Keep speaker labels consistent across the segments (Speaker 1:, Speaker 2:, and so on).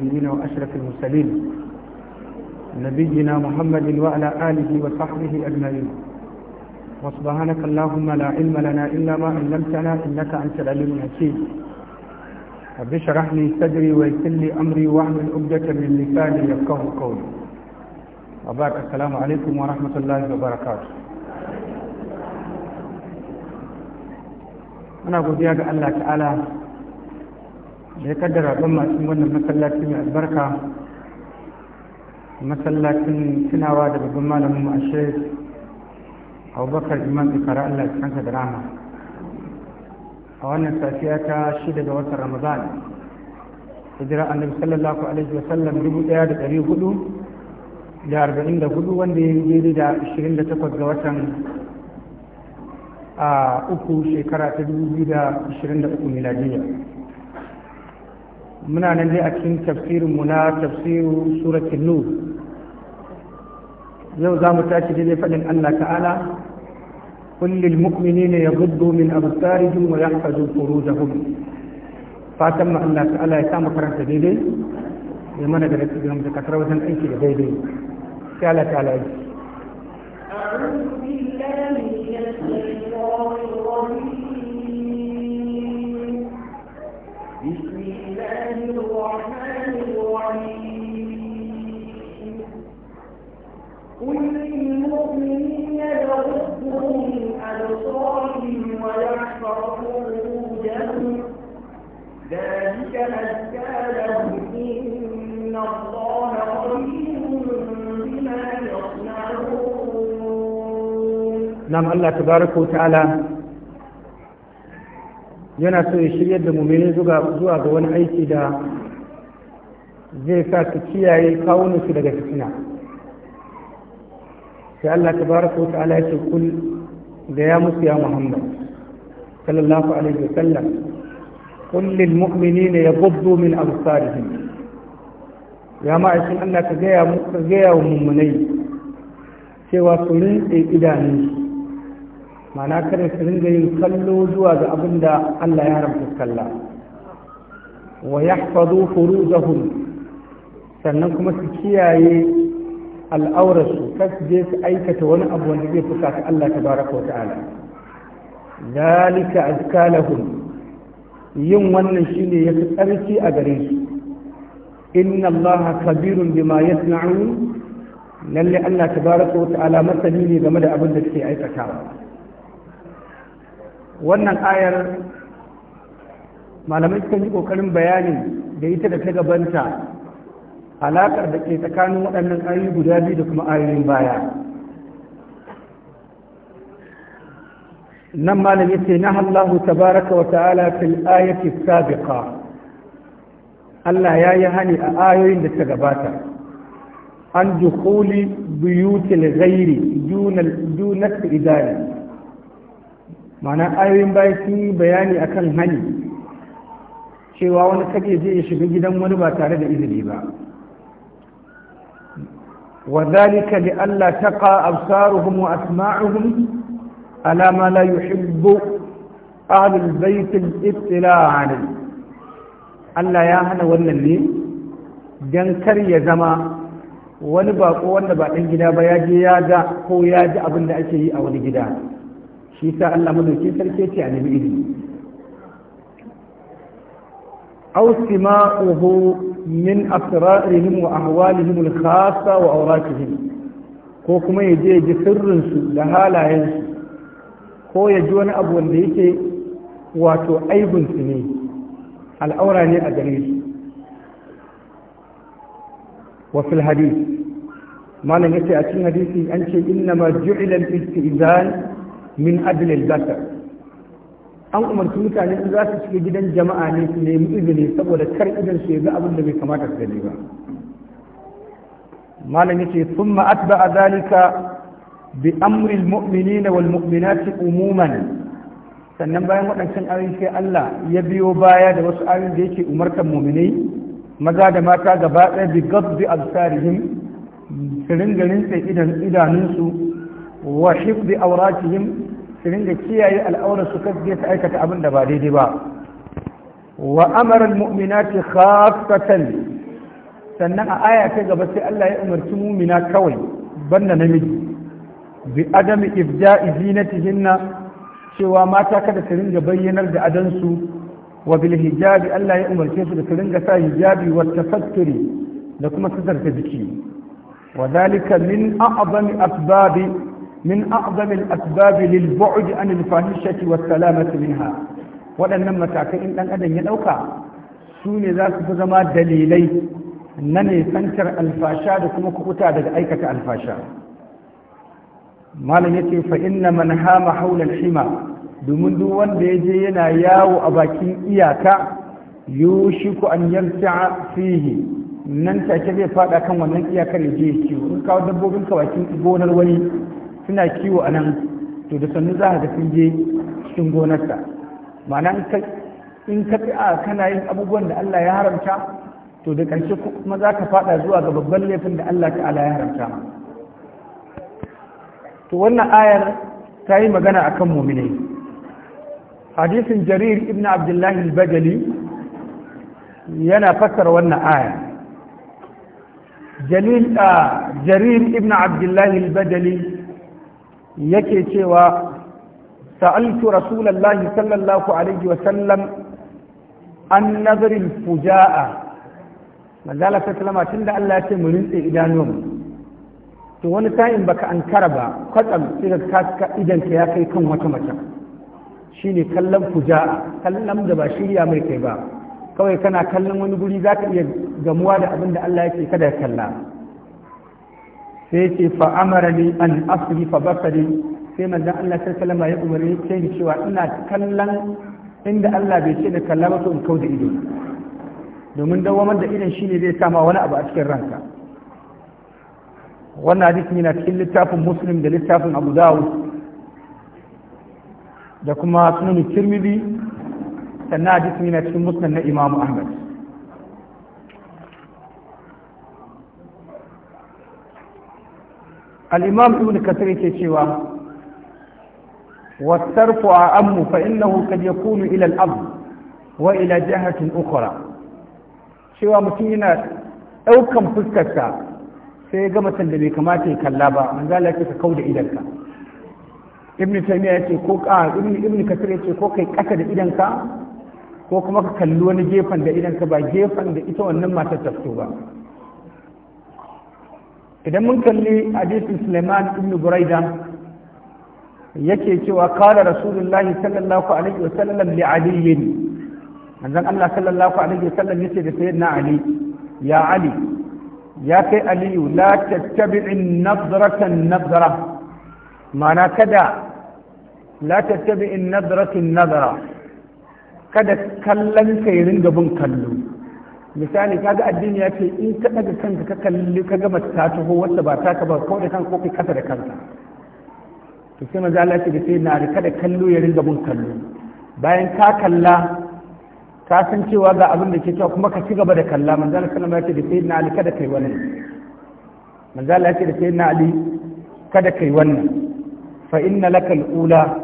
Speaker 1: النبيين وأشرف المرسلين نبينا محمد وعلى آله وصحبه أجمعين وسبحانك اللهم لا علم لنا إلا ما علمتنا إنك أنت العليم الحكيم رب اشرح لي صدري ويسر لي أمري واحلل عقدة من لساني يفقهوا قولي وبارك السلام عليكم ورحمة الله وبركاته muna godiya ga الله تعالى da ya kaddara ban masu wannan masallacin mai albarka masallacin tunawa da babban malamin ashe abubakar iman ikara allah ya kanka da rama a wannan safiya ta shida ga watan ramadan hijira annabi sallallahu alaihi wasallam dubu daya da dari hudu da arba'in da hudu wanda ya yi da ashirin da takwas ga watan a uku shekara ta dubu biyu da ashirin da uku miladiyya muna nan dai a cikin tafsirin mu na tafsirin suratun nur yau za mu tashi daidai faɗin Allah ta'ala kullil mu'mini ne ya gudu min abusari jin wa yanka jin koro da hudu fatan ma Allah ta'ala ya samu karanta daidai ya mana da rikki gina mutakatar wajen aiki da daidai sai ya ji.
Speaker 2: أعوذ المؤمنين يغضوا أبصارهم ويحفظوا فروجهم ذلك أزكى لهم إن الله بما يصنعون
Speaker 1: نعم الله تبارك وتعالى yana so ya shirya da mummuni zuwa ga wani aiki da zai sa su kiyaye kawunansu daga fitina sai Allah ta baraka wa ta'ala ya ce kul ga ya musu ya Muhammad sallallahu alaihi wa sallam kul lil mu'minina yaghuddu min absarihim ya ma'aikin Allah ka gaya ka gaya wa mummunai cewa su rinse idanu Mana ma'ana kada su ringa yin kallo zuwa ga abin da Allah ya haramta kalla wa yahfazu furujahum sannan kuma su kiyaye al'aurarsu kas je su aikata wani abu wanda zai fusa ta Allah ta baraka wa ta'ala zalika azkalahum yin wannan shine ya fi tsarki a gare su inna allaha kabirun bima yasna'un lalle Allah ta baraka wa ta'ala masani ne game da abin da suke aikatawa wannan ayar malamai sukan yi kokarin bayanin da ita da ta gabanta alaƙar da ke tsakanin waɗannan ayoyi guda biyu da kuma ayoyin baya nan malam yace na Allahu tabaraka wa ta'ala fil ayati sabiqa Allah ya yi hani a ayoyin da ta gabata an dukuli buyutil ghairi dunal idari ma'ana ayoyin baya sun yi bayani akan hani cewa wani kake je ya shiga gidan wani ba tare da izini ba وذلك لئلا تقى أبصارهم وأسماعهم على ما لا يحب أهل البيت الإطلاع عليه ألا يا هنا ولا لي جنكر يا زما ولا باق ولا باق الجدا بياجي يا جا هو يا جا أبن دعشي أو الجدا شيسا ألا من شيسا كيتي يعني بإذن أو سماؤه min asrarihim wa ahwalihim al wa awratihim ko kuma ya je ji sirrin su da halayen su ko ya ji wani abu wanda yake wato aibun su ne al'aura ne a gare su wa fil hadith malam yace a cikin hadisi an ce inna ma ju'ila al-istizan min ajli al-basar an umarci mutane in za su shiga gidan jama'a ne su nemi izini saboda kar idan su ga abin da bai kamata su gani ba malam yace thumma atba'a zalika bi amri almu'minina wal mu'minati umuman sannan bayan waɗancan ayoyi sai Allah ya biyo baya da wasu ayoyin da yake umartar mu'minai maza da mata gaba ɗaya bi gabbi absarihim su ringa rinse idanunsu wa hifdi auratihim su ringa kiyaye al'aurar su kasance su aikata abin da ba daidai ba wa mumina ce khassatan sannan a aya kai gaba sai Allah ya umarci mu'mina kawai banda namiji bi adami ibda'i zinatihinna cewa mata kada su ringa bayyanar da adansu wa bil hijabi Allah ya umarce su da su ringa sa hijabi wa tafatturi da kuma sitar ta jiki wa zalika min a'zami asbabi من أعظم الأسباب للبعد عن الفاحشة والسلامة minha waɗannan matakai in ɗan adam ya ɗauka su ne za su fi zama dalilai na nisantar alfasha da kuma kukuta daga aikata alfasha malam yace fa inna man hama haula hima domin duk wanda ya je yana yawo a bakin iyaka yushiku an yarta fihi nan take zai fada kan wannan iyakar ya je ciwo in kawo dabbobin ka bakin gonar wani suna kiwo a nan to da sannu za ga sun je cikin gonarsa ma'ana in ka a kana yin abubuwan da Allah ya haramta to da ƙarshe kuma za ka faɗa zuwa ga babban laifin da Allah ta'ala ya haramta to wannan ayar ta yi magana a kan mumine hadisin jarir ibn abdullahi al-bajali yana fassara wannan aya jalil ah, jarir ibn abdullahi al-bajali yake cewa sa'altu rasulallahi sallallahu alaihi wa an nazarin fuja'a manzala ta tun da Allah ya ce mu rintse idanuwan to wani sa'in baka an kara ba kwatsam sai ka kaska ya kai kan wata mace shine kallon fuja'a kallon da ba shirya mai kai ba kawai kana kallon wani guri za ka iya gamuwa da abin da Allah yake kada ya kalla sai ce fa amara ni an asri fa basari sai manzon Allah sallallahu alaihi ya umarni ce cewa ina kallon inda Allah bai ce da kalla ba to in kauda ido domin dawamar da idan shine zai sama wani abu a cikin ranka wannan hadisi yana cikin littafin muslim da littafin abu dawud da kuma sunan tirmidhi sannan hadisi yana cikin musnad na imamu ahmad al'imam ibn kasir yake cewa wasarfu a ammu fa innahu kad yakunu ila al'abd wa ila jihatin ukhra cewa mutum yana ɗaukan fuskarsa sai ya mutum da bai kamata ya kalla ba manzo Allah ya kau da idanka ibn taymiya ko ka ibn ibn kasir yace ko kai kasa da idanka ko kuma ka kalli wani gefen da idanka ba gefen da ita wannan matar ta ba idan mun kalli hadisin Suleiman ibn Buraida yake cewa kala rasulullahi sallallahu alaihi wa sallam li aliyin manzon Allah sallallahu alaihi wa sallam yace da sayyidina Ali ya Ali ya kai aliyu la tattabi'in nadratan nadra ma'ana kada la tattabi'in nadratin nadra kada kallon ka ya ringa bin kallo misali kaga addini ya ce in ka daga kanka ka kalli ka gama ta taho wacce ba taka ba ko da kanka ko kai kasa da kanka to sai manzo Allah ya ce da sai na rika da kallo ya ringa mun kallo bayan ka kalla ka san cewa ga abin da ke cewa kuma ka ci gaba da kalla manzo Allah sallama ya ce da sai na ali kada kai wannan manzo Allah ya ce da sai na ali kada kai wannan fa inna lakal ula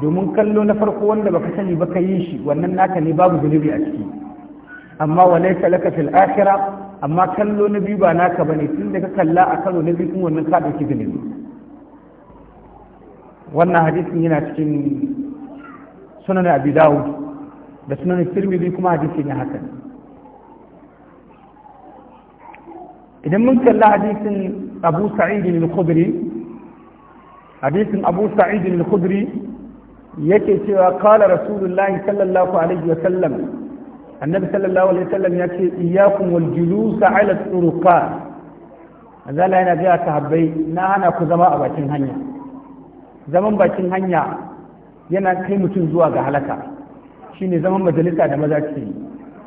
Speaker 1: domin kallo na farko wanda baka sani ba ka yi shi wannan naka ne babu zunubi a ciki amma walai talaka fil akhira amma kallo na biyu ba naka ne tun da ka kalla a karo na biyu kuma wannan ka dauki zunubi wannan hadisin yana cikin sunan abi dawud da sunan tirmidhi kuma hadisin ya haka idan mun kalla hadisin abu sa'id al-khudri hadisin abu sa'id al-khudri yake cewa qala rasulullahi sallallahu alaihi wa sallam annabi sallallahu alaihi wasallam ya ce iyyakum wal julus ala turuqat azala yana ga sahabbai na hana ku zama a bakin hanya zaman bakin hanya yana kai mutum zuwa ga halaka shine zaman majalisa da maza ke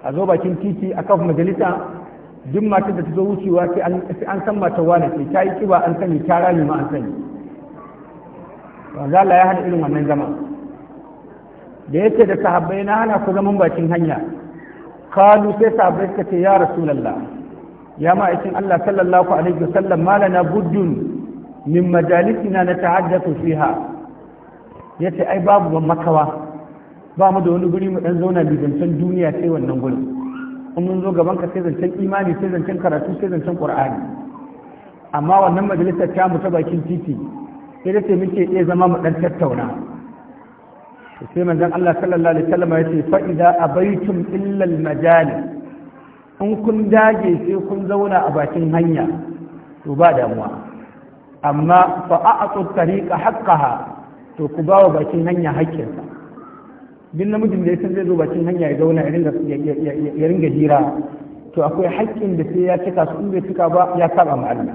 Speaker 1: a zo bakin titi a kafa majalisa duk matar da ta zo wucewa sai an san mata wane ce ta yi kiba an sani ta rami ma an sani azala ya hada irin wannan zaman da yake da sahabbai na hana ku zaman bakin hanya kalu sai sahabbai suka ce ya rasulullah ya ma'aikin Allah sallallahu alaihi wasallam malana buddun min majalisina na ta'addatu fiha yace ai babu ban makawa ba mu da wani guri mu dan zauna bizancen duniya sai wannan gurin in mun zo gaban ka sai zancen imani sai zancen karatu sai zancen qur'ani amma wannan majalisar ta mu ta bakin titi sai da sai muke iya zama mu dan tattauna sai manzon Allah sallallahu alaihi wasallam ya ce fa idza abaitum illa al majali in kun dage sai kun zauna a bakin hanya to ba damuwa amma fa a'tu tariqa haqqaha to ku ba wa bakin hanya haƙƙinsa duk namijin da ya san zai zo bakin hanya ya zauna ya ringa jira to akwai haƙƙin da sai ya cika su in bai cika ba ya saba ma Allah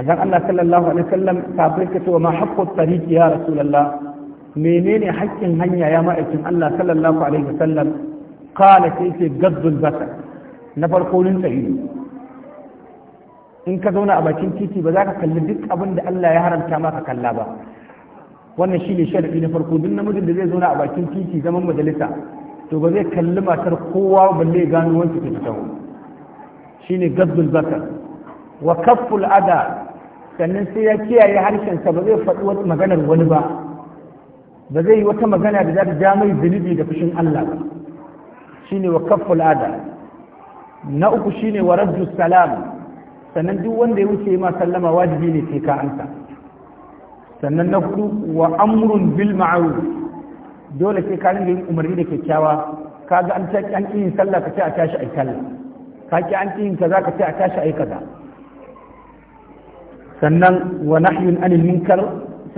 Speaker 1: manzon Allah sallallahu alaihi wasallam kafin ka ce wa ma haqqu tariqi ya rasulullah menene haƙƙin hanya ya ma'aikin Allah sallallahu alaihi wasallam kala sai ce gazzul basar na farko rinsa ido in ka zauna a bakin titi ba za ka kalli duk abin da Allah ya haramta maka kalla ba wannan shi ne sharadi na farko duk namijin da zai zauna a bakin titi zaman majalisa to ba zai kalli matar kowa balle ya gano wanki ta fito. shi ne gazzul basar wa kafful ada sannan sai ya kiyaye harshensa ba zai faɗi maganar wani ba ba zai yi wata magana da za ta ja mai zunubi da fushin Allah ba shine wa kafful ada na uku shine wa raddu salam sannan duk wanda ya wuce ma sallama wajibi ne sai ka ansa sannan na hudu wa amrun bil ma'ruf dole sai ka rinka yin umarni da kyakkyawa kaga an ta an yin sallah ka ce a tashi ai sallah ka ki an yin kaza ka ce a tashi ai kaza sannan wa nahyun anil munkar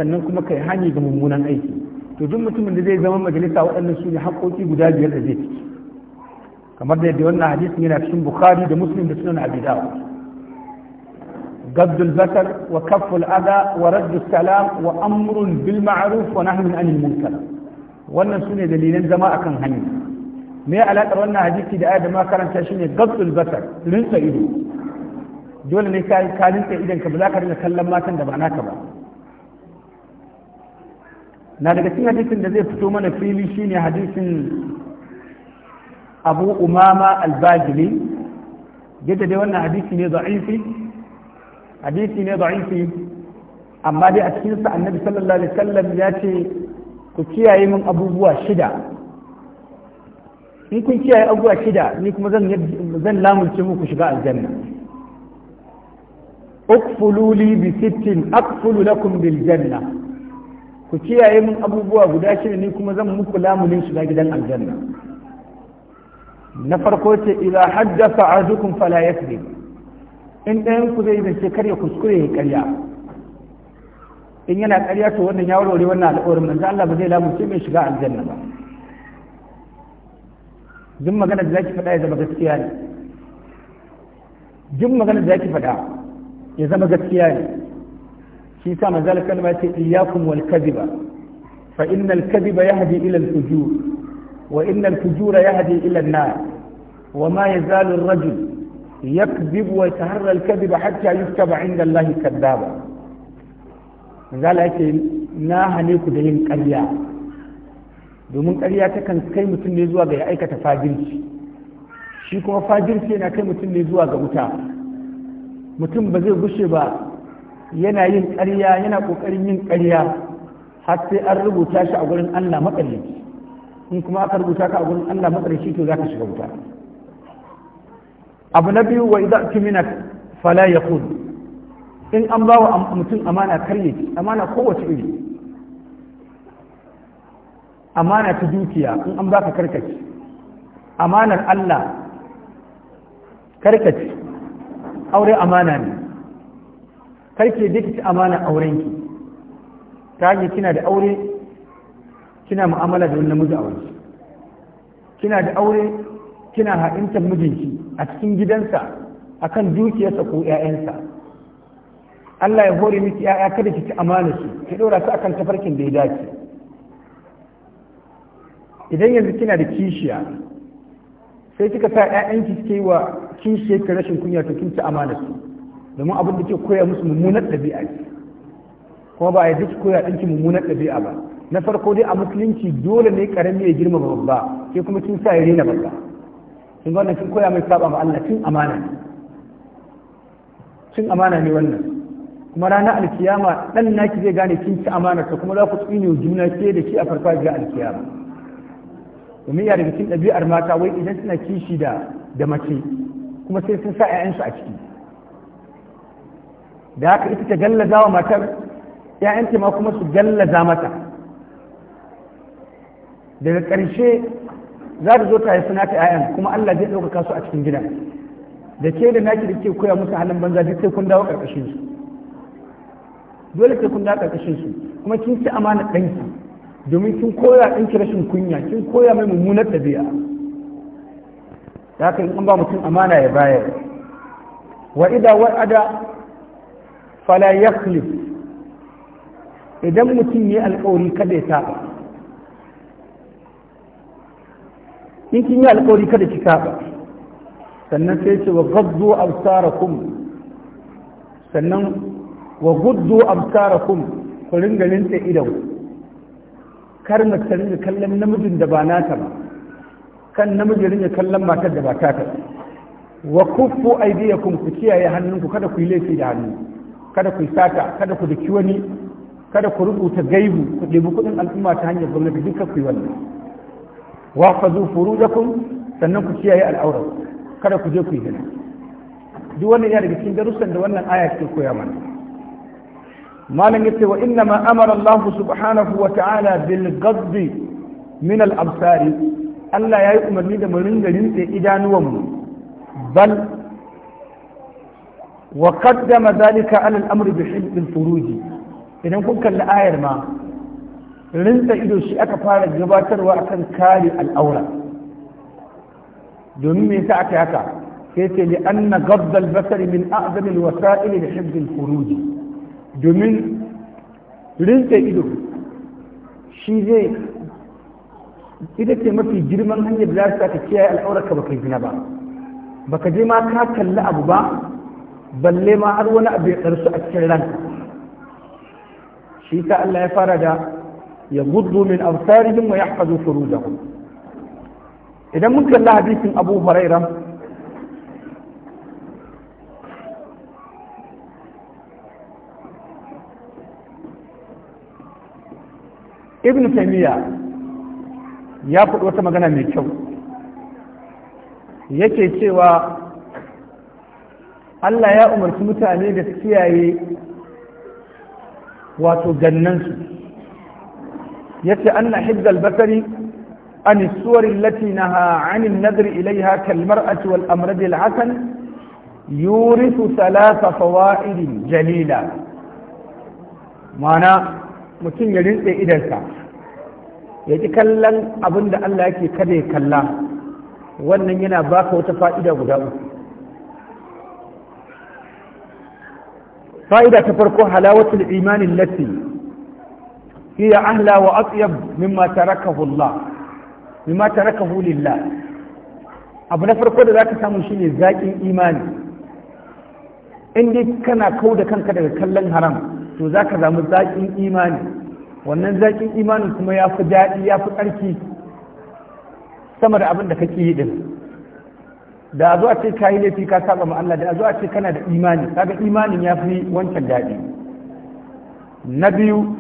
Speaker 1: sannan kuma kai hanyar da mummunan aiki to duk mutumin da zai zama majalisa waɗannan su ne haƙoƙi guda biyar da zai ciki kamar da yadda wannan hadisin yana cikin bukhari da muslim da sunan abi dawud gabdul basar wa kafful ada wa raddu salam wa amrun bil ma'ruf wa nahyun anil munkar wannan su ne dalilan zama akan hanya me alaƙar wannan hadisi da ayat da shi ne shine gabdul basar rinsa ido dole ne ka rinsa idan ka ba za ka rinka kallon matan da ba naka ba na daga cikin hadisin da zai fito mana fili shine hadisin abu umama albajili yadda dai wannan hadisi ne da'ifi hadisi ne da'ifi amma dai a cikinsa annabi sallallahu alaihi wasallam ya ce ku kiyaye min abubuwa shida in kun kiyaye abubuwa shida ni kuma zan lamunce muku shiga aljanna اقفلوا لي بست اقفل لكم بالجنه ku kiyaye min abubuwa guda shida ni kuma zan muku lamunin shiga gidan aljanna na farko ce ila haddasa ahadukum fala ne in ɗayan ku zai zance karya kuskure ya karya in yana karya to wannan ya warware wannan alƙawarin manzo Allah ba zai lamunce mai shiga aljanna ba jin magana da zaki faɗa ya zama gaskiya ne jin magana da zaki faɗa ya zama gaskiya ne shi sa manzal kalma ce iyyakum wal kadhiba fa innal kadhiba yahdi ila al fujur wa innal fujura yahdi ila an nar wa ma yazalu ar rajul yakdhibu wa yataharra al kadhiba hatta yuktaba inda allahi kadhaba manzal yake na hane ku da yin ƙarya domin ƙarya takan kai mutum ne zuwa ga ya aikata fajirci shi kuma fajirci yana kai mutum ne zuwa ga wuta mutum ba zai gushe ba yana yin ƙarya yana ƙoƙarin yin ƙarya har sai an rubuta shi a gurin Allah matsalaci in kuma aka rubuta ka a gurin Allah shi to za ka shiga wuta abu na biyu wa idza tumina fala yaqul in an ba wa mutum amana karye amana kowace iri amana ta dukiya in an baka karkace amanar Allah karkace aure amana ne karki da ci amana aurenki ta hanyar kina da aure kina mu'amala da wani namiji a wani, kina da aure kina haɗintar mijinki a cikin gidansa akan dukiyarsa ko 'ya'yansa Allah ya hore miki 'ya'ya kada ki ci amana su ki ɗora su akan tafarkin da ya dace idan yanzu kina da kishiya sai kika sa 'ya'yanki suke yi wa kishiyar rashin kunya to kin ci amana su domin abin da ke koya musu mummunar ɗabi'a ne kuma ba ya duk koya ɗinki mummunar ɗabi'a ba na farko dai a musulunci dole ne karami ya girma babba sai kuma kin sa ya rena babba kin ga wannan kin koya mai saba ma Allah cin amana ne cin amana ne wannan kuma ranar alkiyama dan naki zai gane kin ci amana ka kuma za ku tsine juna ke da shi a farfajiyar alkiyama domin ya daga cikin ɗabi'ar mata wai idan suna kishi da da mace kuma sai sun sa 'ya'yansu a ciki da haka ita ta gallaza wa matar ‘ya'yanta ma kuma su gallaza mata daga ƙarshe za ta zo ta haifi nata ‘ya'yan kuma Allah zai ɗaukaka su a cikin gida da ke da naki da ke koya musu halin banza duk sai kun dawo ƙarƙashin su dole sai kun dawo ƙarƙashin kuma kin ci amana ɗanki domin kin koya ɗanki rashin kunya kin koya mai mummunar ɗabi'a da haka in ba mutum amana ya bayar wa ida wa'ada fala yakhlif idan mutum yi alkawari kada ya saba in kin yi alkawari kada ki saba sannan sai ce wa gabzo absarakum sannan wa guddu absarakum ku ringa rinta idan kar mu ta ringa kallon namijin da ba nata ba kan namijin ringa kallon matar da ba ta ta wa kuffu aidiyakum ku kiyaye hannunku kada ku yi laifi da hannu kada ku sata kada ku daki wani kada ku rubuta gaibu ku ɗebi kuɗin al'umma ta hanyar gwamnati duka ku yi wannan wa fa zu furujakum sannan ku kiyaye al'aurar kada ku je ku yi zina duk wannan yana daga cikin darussan da wannan aya ke koya mana malam yace wa inna ma amara Allah subhanahu wa ta'ala bil ghadb min al absari Allah yayi umarni da mu ringa idanuwan mu bal wa qaddama zalika ala al-amri bi hilqil furuji idan kun kalli ayar ma rinsa ido shi aka fara gabatarwa akan kare al'aura domin me yasa aka haka sai ce li anna ghadd al-basar min a'zam al-wasa'il li hifz al-furuj domin rinsa ido shi zai ita ce mafi girman hanyar da za ta kiyaye al'aurarka baka gina ba baka je ma ka kalli abu ba balle ma har wani abu ya karsu a cikin ran shi ta Allah ya fara da ya gudu min absarihim wa yahfazu furujahum idan mun kalla hadisin Abu Hurairah Ibn Taymiyyah ya faɗi wata magana mai kyau yake cewa Allah ya umarci mutane da kiyaye wato gannansu yace anna hiddal basari عن الصور التي نهى عن kalmar إليها كالمرأة والأمرد Yurisu يورث ثلاث فوائد جليلة معنى mutum ya rintse idansa ya kallon abin da Allah yake kada ya kalla wannan yana baka wata fa'ida guda uku fa'ida ta farko halawatul imanin lati ya ahla wa atyab mimma tarakahu Allah mimma abu na farko da zaka samu shine zakin imani in dai kana kau da kanka daga kallon haram to zaka samu zaƙin imani wannan zaƙin imanin kuma ya fi daɗi ya fi ƙarfi sama da abin da kake yi din da zuwa ce ka yi laifi ka saba ma'alla da zuwa ce kana da imani kaga imanin ya fi wancan daɗi na biyu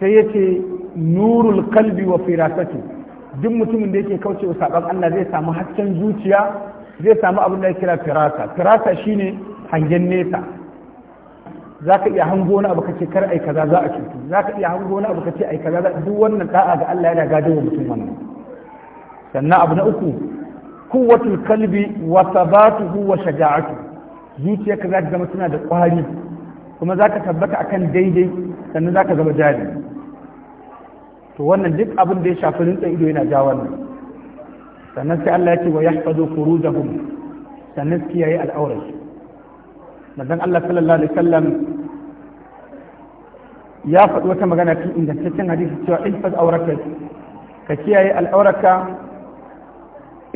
Speaker 1: sai ya ce nurul kalbi wa firasatu duk mutumin da yake kauce wa saɓan Allah zai samu hasken zuciya zai samu abin da ya kira firasa firasa shine hangen nesa za ka iya hango wani abu ka ce kar aikaza kaza za a cutu za ka iya hango wani abu ka ce ai kaza duk wannan da'a ga Allah yana gado wa mutum wannan sannan abu na uku kuwatul kalbi wa sabatuhu wa shaja'atu Zuciya za ta zama tana da ƙwari kuma za ka tabbata akan daidai sannan za ka zama jari to wannan duk abin da ya shafi rintsa ido yana ja wannan sannan sai Allah ya ce wa yahfazu furujahum sannan su kiyaye al'aurar manzon Allah sallallahu alaihi wasallam ya faɗi wata magana cikin ingantaccen hadisi cewa ihfaz auraka ka kiyaye al'auraka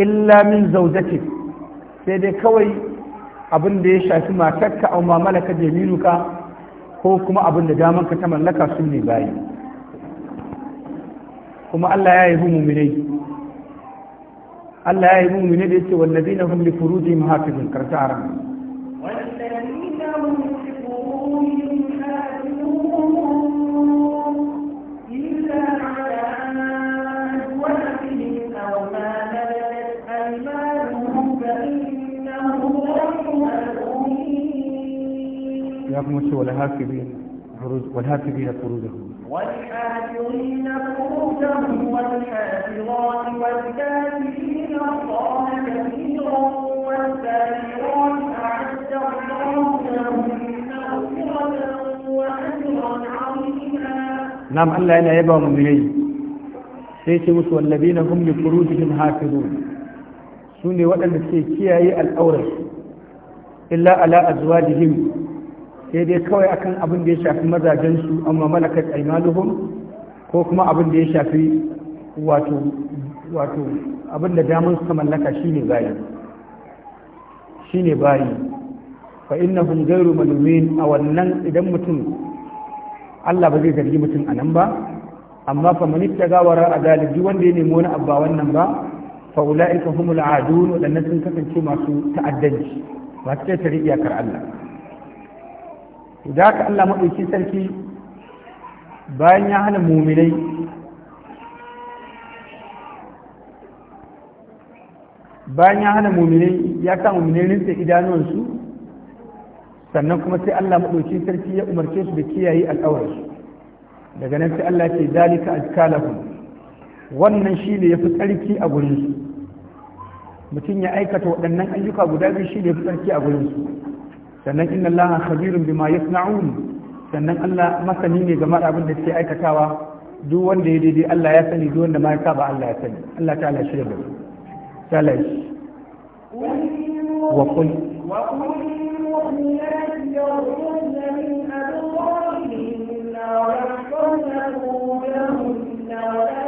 Speaker 1: illa min zaujati sai dai kawai abin da ya shafi matarka au mamalaka malaka jaminuka ko kuma abin da damanka ta mallaka su ne bayi kuma Allah ya yi muminai Allah ya yi muminai da yake wallazina hum li furujihim hafizun karta aran
Speaker 2: wallazina hum
Speaker 1: يغمس والهاكبين فروز والهاكبين فروزهم
Speaker 2: والحافظين فروزهم والحافظات والكافرين نعم، الله كثيرا والسابقون أعد الله لهم وأجرا عظيما
Speaker 1: نعم ألا أنا يبغى من إليه سيتمس والذين هم لفروزهم حافظون سوني وأنا سيتيا الأورث إلا على أزواجهم sai dai kawai akan abin da ya shafi mazajensu amma malakat aimaluhum ko kuma abin da ya shafi wato abin da damar suka mallaka shine bayi shine bayi fa innahum ghayru malumin a wannan idan mutum Allah ba zai zargi mutum a nan ba amma fa man ittaga a adalibi wanda ya nemi wani abba wannan ba fa ulaika humul aadun wadannan sun kasance masu ta'addanci ba ta iyakar Allah da haka Allah maɗauki sarki bayan ya hana muminai bayan ya hana muminai ya sa muminai rinse idanuwansu sannan kuma sai Allah maɗauki sarki ya umarce su da kiyaye al'awarsu daga nan sai Allah ce zalika azkalahum wannan shi ne ya fi tsarki a gurinsu. mutum ya aikata waɗannan ayyuka guda biyu shi ne ya fi tsarki a gurinsu. sannan inna allaha khabirun bima yasna'un sannan Allah masani ne game da abin da yake aikatawa duk wanda ya daidai Allah ya sani duk wanda ma ya saba Allah ya sani Allah ta Allah shirya bai ta shi wa kul wa kul
Speaker 2: mu'minat yarjuna min adwarihinna wa yahfazna la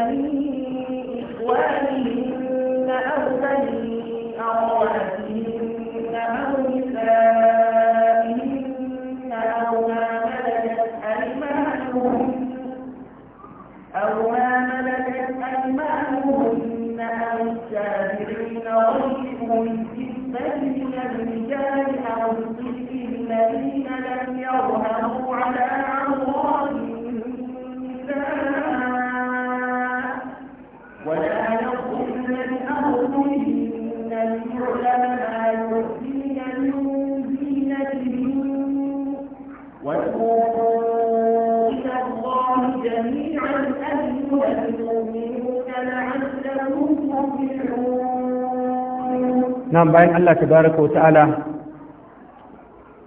Speaker 1: nan bayan Allah tabaraka ta'ala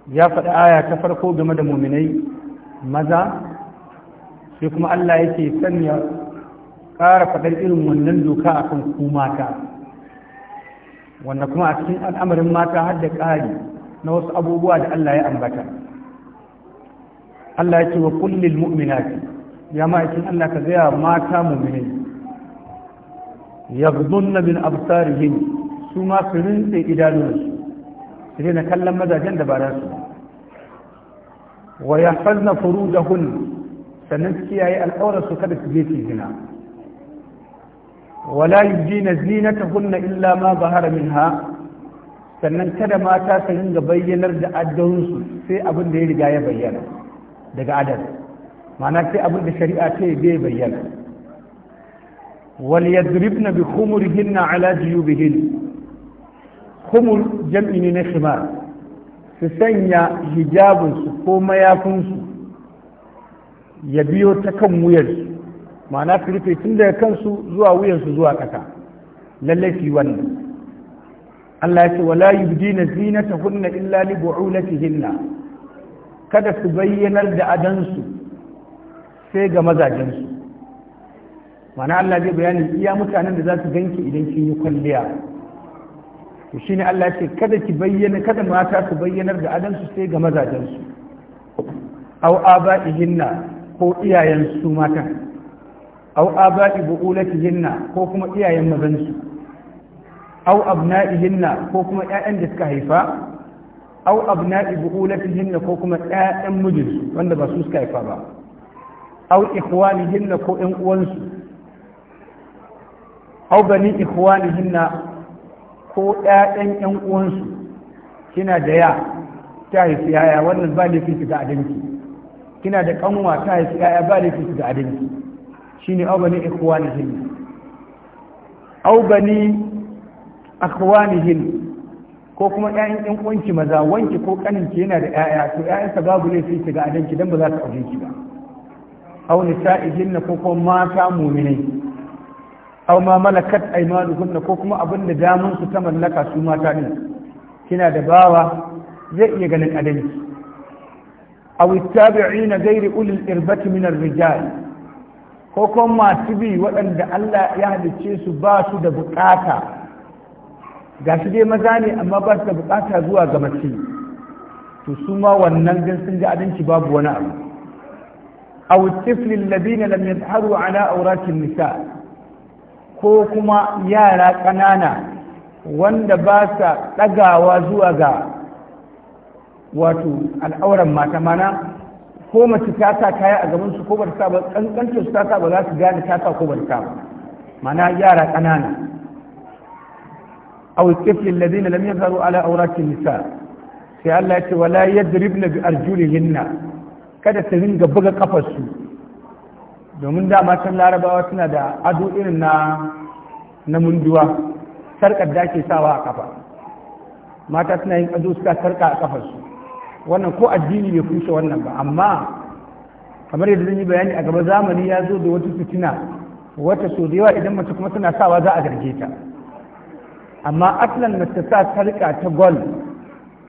Speaker 1: ya faɗi aya ta farko game da muminai maza sai kuma Allah yake sanya ƙara faɗar irin wannan doka akan ku mata wanda kuma a cikin al'amarin mata har da ƙari na wasu abubuwa da Allah ya ambata Allah ya ce wa kullil mu'minati ya ma'aikin Allah ka zaya mata mu'minai yaghdunna min absarihim su ma su rintse idanunsu su daina kallon mazajen da ba za su wa ya fazna furu da hun sannan su kiyaye al'aurarsu kada su je zina wala hunna illa ma ba haramin ha? sannan kada mata su ringa bayyanar da addarunsu sai abin da ya riga ya bayyana daga adal ma'ana sai abin da shari'a ta yi bai bayyana wal yadribna bi khumurihinna ala humul jam'i ne na shima su sanya hijabinsu ko mayafinsu ya biyo ta kan wuyarsu ma'ana su rufe tun daga kansu zuwa wuyarsu zuwa ƙasa lallai su wannan Allah ya ce wala yubdina zinatahunna illa li bu'ulatihinna kada su bayyanar da adansu sai ga mazajensu ma'ana Allah zai bayani iya mutanen da za su ganki idan kin yi kwalliya to shine Allah ce kada ki bayyana kada mata su bayyanar da adansu sai ga mazajensu aw aba'ihinna ko iyayen su mata aw aba'i bu'ulatihinna ko kuma iyayen mazansu aw abna'ihinna ko kuma ƴaƴan da suka haifa aw abna'i bu'ulatihinna ko kuma ƴaƴan mijinsu wanda ba su suka haifa ba aw ikhwanihinna ko ƴan uwansu aw bani ikhwanihinna ko ƴaƴan ƴan uwansu kina da ya ta haifi yaya wannan ba ne fi ga adinki kina da kanwa ta haifi yaya ba ne fi ga adinki shine aw bani ikhwanihim aw bani akhwanihim ko kuma ƴaƴan ƴan uwanki maza wanki ko kaninki yana da ƴaƴa to ƴaƴansa babu ne fi ga adinki dan ba za ta aure ki ba aw nisa'ihinna ko kuma mata mu'minai aw ma malakat aymanuhunna ko kuma abin da su ta mallaka su mata din kina da bawa zai iya ganin adalci aw ittabi'ina gairi ulil irbati min ar-rijal ko kuma masu bi waɗanda Allah ya halicce su ba su da bukata ga su dai maza ne amma ba su da bukata zuwa ga mace to su ma wannan gan sun ga adalci babu wani abu aw tiflil ladina lam yadharu ala awratin nisa' ko kuma yara ƙanana wanda ba sa ɗagawa zuwa ga wato al'auran mata mana ko mace ta sa kaya a gabansu ko ba ta ƙanƙancin su ta sa ba za su gane ta sa ko ba ta sa ba mana yara ƙanana أو الطفل الذين لم يظهروا ala أوراق nisa sai Allah ce wala yadribna bi arjulihinna kada ta ringa buga kafarsu domin dama can larabawa suna da ado irin na na munduwa sarkar da ake sawa a kafa mata suna yin ado suka sarka a kafarsu wannan ko addini bai kushe wannan ba amma kamar yadda zan yi bayani a gaba zamani ya zo da wata fitina wata so da yawa idan mace kuma tana sawa za a garge ta amma aslan mace sa sarka ta gol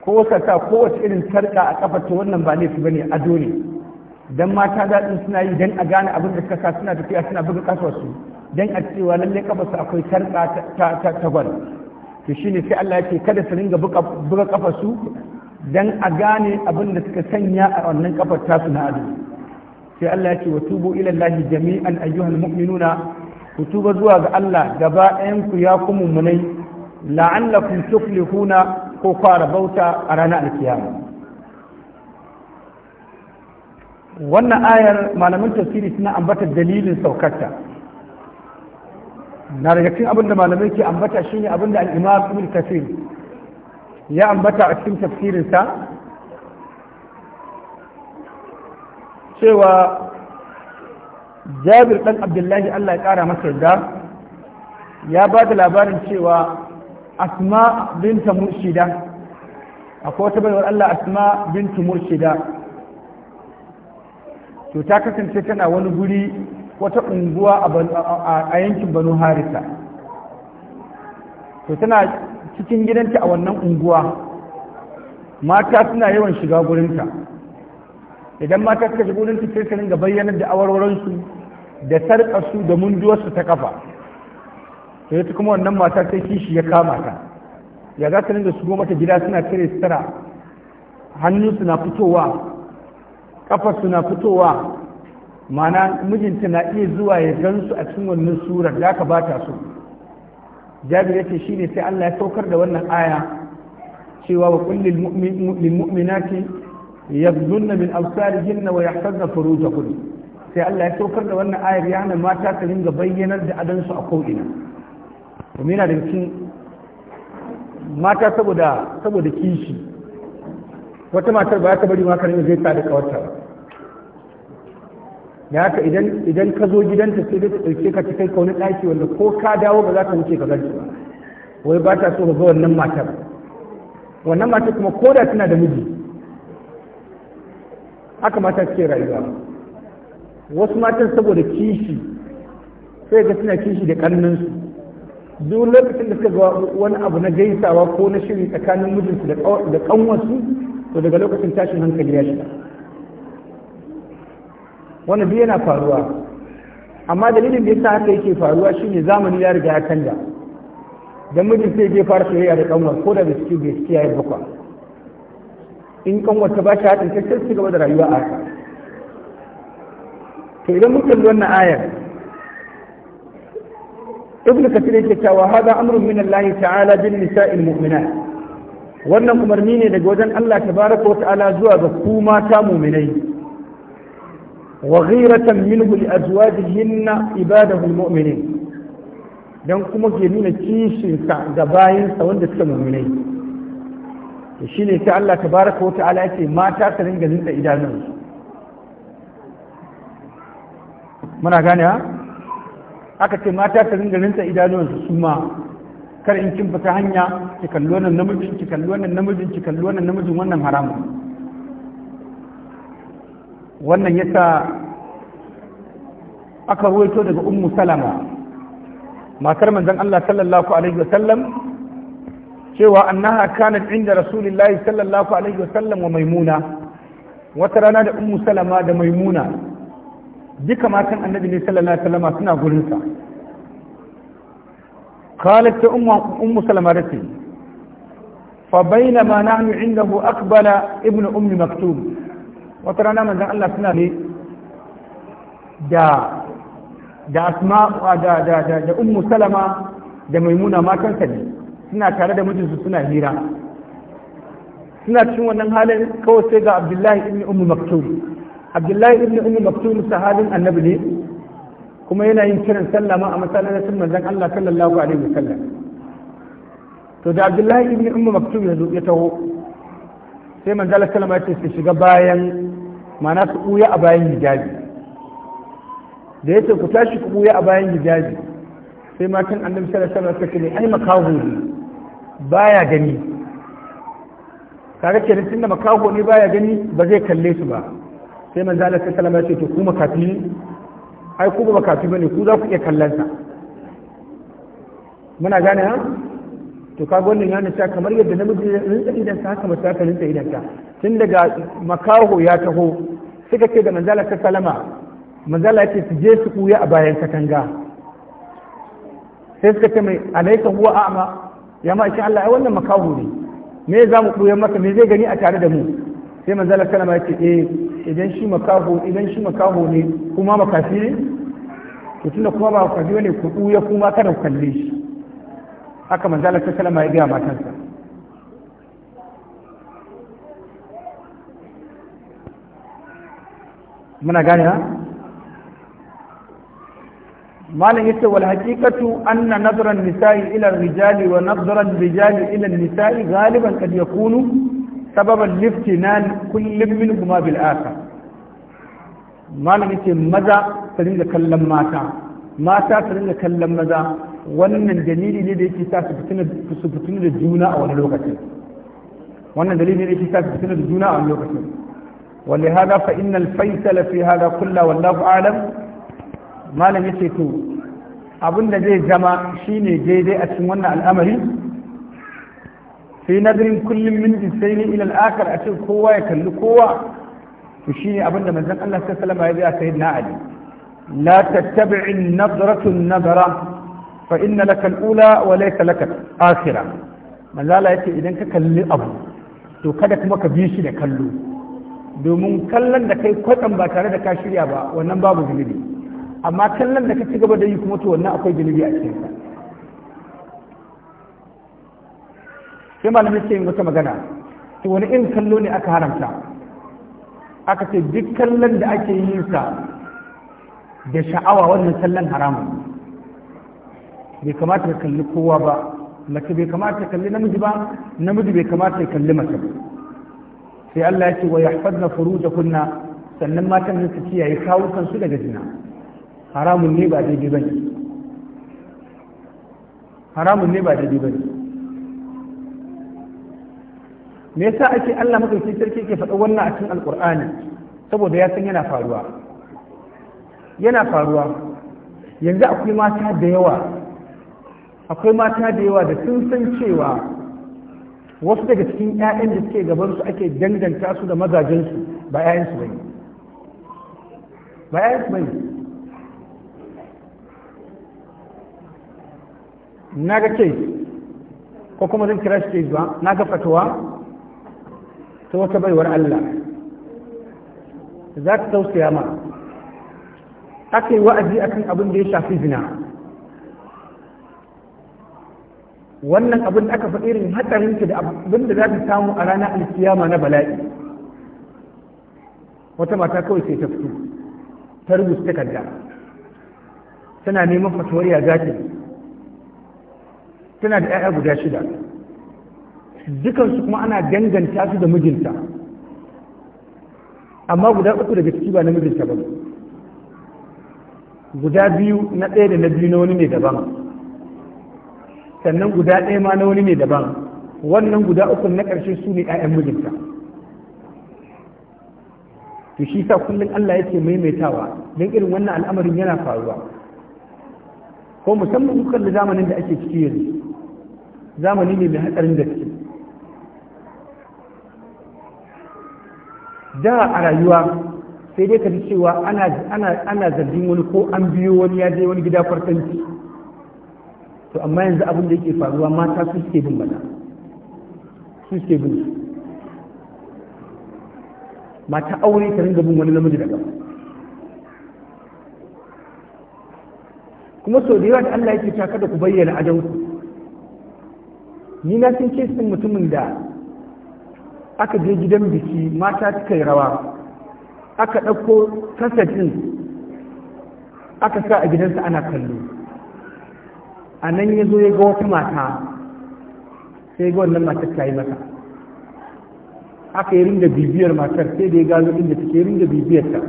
Speaker 1: ko sa kowace irin sarka a kafa ta wannan ba laifi bane ado ne dan mata daɗin suna yi dan a gane abin da suka sa suna tafiya suna buga kafarsu dan a cewa lallai ƙafarsu akwai tarka ta ta gwal to shine sai Allah yake kada su ringa buga kafarsu dan a gane abin da suka sanya a wannan kafar su na ado sai Allah yake wa tubu ila Allah jami'an ayyuhal mu'minuna ku tuba zuwa ga Allah gaba ɗayan ku ya ku munai la'allakum tuflihuna ko fara bauta a ranar alkiyama wannan ayar malamin tafsiri suna ambata dalilin saukarta na daga cikin abinda malamai ke ambata shine abinda al-imam ibn kafir ya ambata a cikin tafsirinsa cewa jabir dan abdullahi allah ya kara masa yadda ya ba da labarin cewa asma binta murshida akwai wata baiwar allah asma binta murshida to ta kasance tana wani guri wata unguwa a yankin banu harisa to tana cikin gidanta a wannan unguwa mata suna yawan shiga gurinta idan mata suka shiga gurinta sai sanin ga bayyanar da awarwaransu da sarƙarsu da munduwarsu ta kafa to ita kuma wannan mata sai kishi ya kama ta ya za ta su goma mata gida suna cire tara hannun suna fitowa kafar suna fitowa mana mijinta na iya zuwa ya gansu a cikin wannan surar da aka bata su jabir yace shine sai Allah ya saukar da wannan aya cewa wa qul lil mu'minati yaghdhunna min absarihinna wa yahfazna furujahunna sai Allah ya saukar da wannan ayar ya hana mata su dinga bayyanar da su a ko'ina kuma yana da cikin mata saboda saboda kishi wata matar ba ta bari ma karin zai ta da kawarta ba da haka idan ka zo gidanta sai dai ta ɗauke ka cikin kauni ɗaki wanda ko ka dawo ba za ka wuce ka ganci ba wai ba ta so ka ga wannan matar wannan matar kuma ko da tana da miji haka mata suke rayuwa wasu matan saboda kishi sai ga suna kishi da ƙarninsu duk lokacin da suka ga wani abu na gaisawa ko na shiri tsakanin mijinsu da ƙanwarsu to daga lokacin tashin hankali ya shiga Wani biyu yana faruwa amma dalilin da ya yasa haka yake faruwa shine zamani ya riga ya canja dan mijin sai je fara soyayya da kanwar ko da bai ciki bai ya yayi bakwa in kanwar ta ba shi haɗin kai sai gaba da rayuwa a haka to idan muka kalli wannan ayar ibn kathir yake cewa hada amrun min Allah ta'ala bin nisa'il mu'minat wannan umarni ne daga wajen Allah wa ta'ala zuwa ga ku mata mu'minai wa ghiratan minhu li azwajihinna ibadahu mu'minin dan kuma ke nuna kishinsa ga bayinsa wanda suka mu'minai shi ne sai Allah wa ta'ala yake mata su ringa zinta idanun muna gane ha aka ce mata su ringa rinta idanun su ma kar in kin fita hanya ki kalli wannan namijin ki kalli wannan namijin ki kalli wannan namijin wannan haramun wannan yasa aka ruwaito daga ummu salama matar manzon Allah sallallahu alaihi wasallam cewa annaha kanat inda rasulillahi sallallahu alaihi wasallam wa maimuna wata rana da ummu salama da maimuna duka matan annabi ne sallallahu alaihi wasallam suna gurinsa قالت أم, أم سلمة فبينما نحن عنده أقبل ابن أم مكتوم وترانا من ذا الله سنة لي دا دا أسماء دا دا دا, دا أم سلمة دا ميمونة ما كان سنة سنة تارة دا مجلس سنة هيرا suna cikin wannan halin kawai sai ga abdullahi ibn ummu maktum abdullahi ibn ummu maktum sahabin annabi ne kuma yana yin kiran sallah ma a masallacin manzon Allah sallallahu alaihi wasallam to da Abdullahi ibn Ummu Maktum ya zo ya taho sai manzon Allah sallallahu alaihi wasallam shiga bayan ma'ana su buya a bayan hijabi da yace ku tashi ku buya a bayan hijabi sai matan annabi sallallahu alaihi wasallam suka ce ai makaho ne baya gani kaga kenan tunda makaho ne baya gani ba zai kalle su ba sai manzo Allah sallallahu alaihi ya ce to ku makafi ai ku ba kafi bane ku za ku iya kallon sa muna gane ha to ka wannan ya nuna kamar yadda namiji ya rinsa idan sa haka mace ta rinsa idan ta tun daga makaho ya taho suka ce da manzala ta salama manzala ya ce su je su kuya a bayan katanga sai suka ce mai alaika huwa a'ma ya ma shi Allah ai wannan makaho ne me za mu koyar maka me zai gani a tare da mu sai manzala salama ya ce eh idan shi makaho idan shi makaho ne kuma makafi ne to tunda kuma ba kwabi bane ku ɓuya kuma kada ku kalle shi haka manzala ta salama ya gaya matansa muna gane ha malam yace wal haqiqatu anna nazara an-nisa'i ila ar-rijali wa nazara ar-rijali ila an-nisa'i ghaliban qad yakunu sababan liftinan kullum minhuma bil akhar malam yace maza ta dinga kallon mata mata ta dinga kallon maza wannan dalili ne da yake sa su fitina da juna a wani lokacin wannan dalili ne da yake sa su fitina da juna a wani lokacin wanda hada fa innal faisala fi hada kulla wallahu alam malam yace to abinda zai zama shine daidai a cikin wannan al'amari fi nadirin kullum min insanin ila al-akhar a cikin kowa ya kalli kowa to shine abinda manzon Allah sallallahu alaihi wasallam ya ga sayyidina Ali لا تتبع النظرة النظرة فإن لك الأولى وليس لك الآخرة من لا لا يتي إذن كاللي أبو to kada kuma ka bi shi da kallo domin kallon da kai kwatsam ba tare da ka shirya ba wannan babu zunubi amma kallon da ka ci gaba da yi kuma to wannan akwai zunubi a cikin sa sai malamin sai wata magana to wani irin kallo ne aka haramta aka ce duk kallon da ake yin sa da sha'awa wannan sallan haramun bai kamata ka kalli kowa ba mace bai kamata ka kalli namiji ba namiji bai kamata ya kalli mace ba sai Allah ya ce wa yahfadna kunna sannan matan nan su kiyaye kawukan su daga zina haramun ne ba daidai bane haramun ne ba daidai bane me yasa ake Allah madaukakin sarki yake faɗa wannan a cikin alqur'ani saboda ya san yana faruwa yana faruwa yanzu akwai mata da yawa akwai mata da yawa da sun san cewa wasu daga cikin 'ya'yan da suke gabansu ake danganta su da mazajensu ba 'ya'yansu su ba na ga ce ko kuma zan kira shi ba na ga fatuwa ta wata baiwar Allah za ta tausaya ma aka yi wa'azi akan abin da ya shafi zina wannan abin da aka faɗi irin hatsarin da abin da za ta samu a ranar alkiyama na bala'i wata mata kawai sai ta fito ta rubuta takarda tana neman fatuwar ya zaki. tana da 'ya'ya guda shida dukansu kuma ana danganta su da mijinta amma guda uku daga ciki ba na mijinta ba guda biyu na ɗaya da na biyu na wani ne daban sannan guda ɗaya ma na wani ne daban wannan guda uku na ƙarshe su ne 'ya'yan mijinta to shi sa kullum Allah ya yake maimaitawa don irin wannan al'amarin yana faruwa ko musamman kukan da zamanin da ake ciki yanzu zamani ne mai hatsarin ciki da a rayuwa sai dai ka ji cewa ana zargin wani ko an biyo wani ya je wani gida farkanci to amma yanzu abin da yake faruwa mata su suke bin maza su suke bin su mata aure ta ringa bin wani namiji daga kuma sau da yawa da Allah yake ta kada ku bayyana ku ni na sun ce mutumin da aka je gidan biki mata suka yi rawa aka ɗauko kasafin aka sa a gidansa ana kallo a nan ya zo ya ga wata mata sai ga wannan matar ta yi mata aka yi rinda bibiyar matar sai da ya gano inda take rinda bibiyarta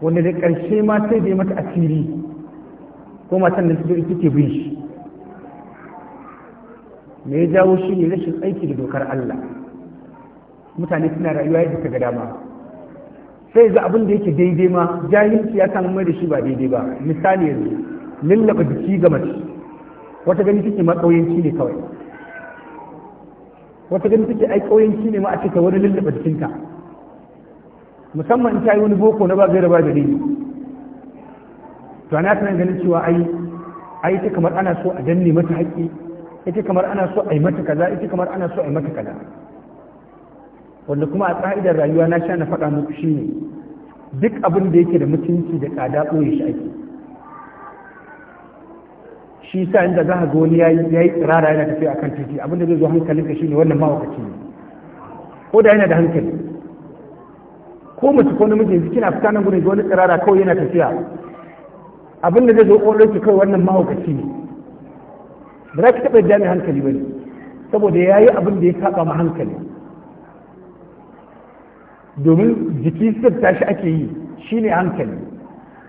Speaker 1: wanda da ƙarshe ma sai da ya mata asiri ko matan da take bin shi me ya jawo shi ne rashin aiki da dokar Allah mutane suna rayuwa yadda suka ga dama sai za abin da yake daidai ma jahilci ya samu mai da shi ba daidai ba misali yanzu lallaba jiki ga mace wata gani take ma ƙauyenci ne kawai wata gani take ai ƙauyenci ne ma a cika wani lallaba jikinta musamman in ta yi wani boko na ba gaira ba ni? to ana sanar ganin cewa ai ai ta kamar ana so a danne mata haƙƙi ita kamar ana so a yi mata kaza ita kamar ana so a yi mata kaza wanda kuma a ƙa'idar rayuwa na sha na faɗa muku shi ne duk abin da yake da mutunci da ƙada ɓoye shi ake shi sa inda za a zo wani ya yi tsirara yana tafiya akan titi abin da zai zo hankalinka shi ne wannan mawakaci ne ko da yana da hankali ko mace ko namiji yanzu kina fita nan gudun wani tsirara kawai yana tafiya abin da zai zo ƙwarar kawai wannan mawakaci ne ba za ki taɓa jami hankali ba ne saboda ya yi abin da ya saba ma hankali domin jiki sirta shi ake yi shi ne hankali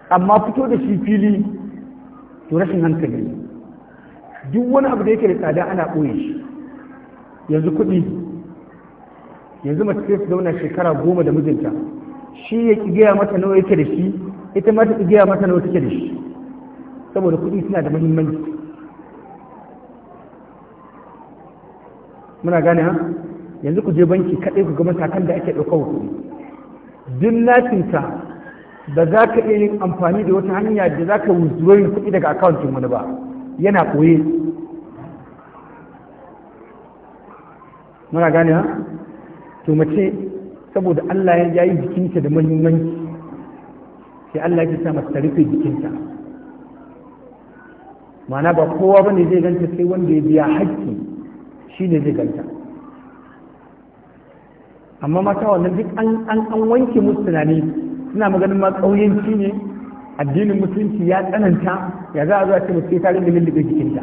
Speaker 1: amma fito da shi fili to rashin hankali duk wani abu da yake da tsada ana ɓoye shi yanzu kuɗi yanzu mace sai su zauna shekara goma da mijinta shi ya ƙi gaya mata nawa yake da shi ita ma ta ƙi gaya mata nawa take da shi saboda kuɗi suna da muhimmanci muna gane ha yanzu ku je banki kaɗai ku ga matakan da ake ɗaukar kuɗi duk nasinta ba za ka iya yin amfani da wata hanya da za ka wuzurorin kuɗi daga akawuntin wani ba yana koye muna gane ha to mace saboda Allah ya yi jikinta da muhimmanci sai Allah ya sa mata rufe jikinta ma'ana ba kowa bane zai ganta sai wanda ya biya hakki shine zai ganta amma mata wannan duk an wanke musu tunani suna maganin ma ƙauyenci ne addinin musulunci ya tsananta ya za a zuwa ce mutum ta rinda lullube jikinta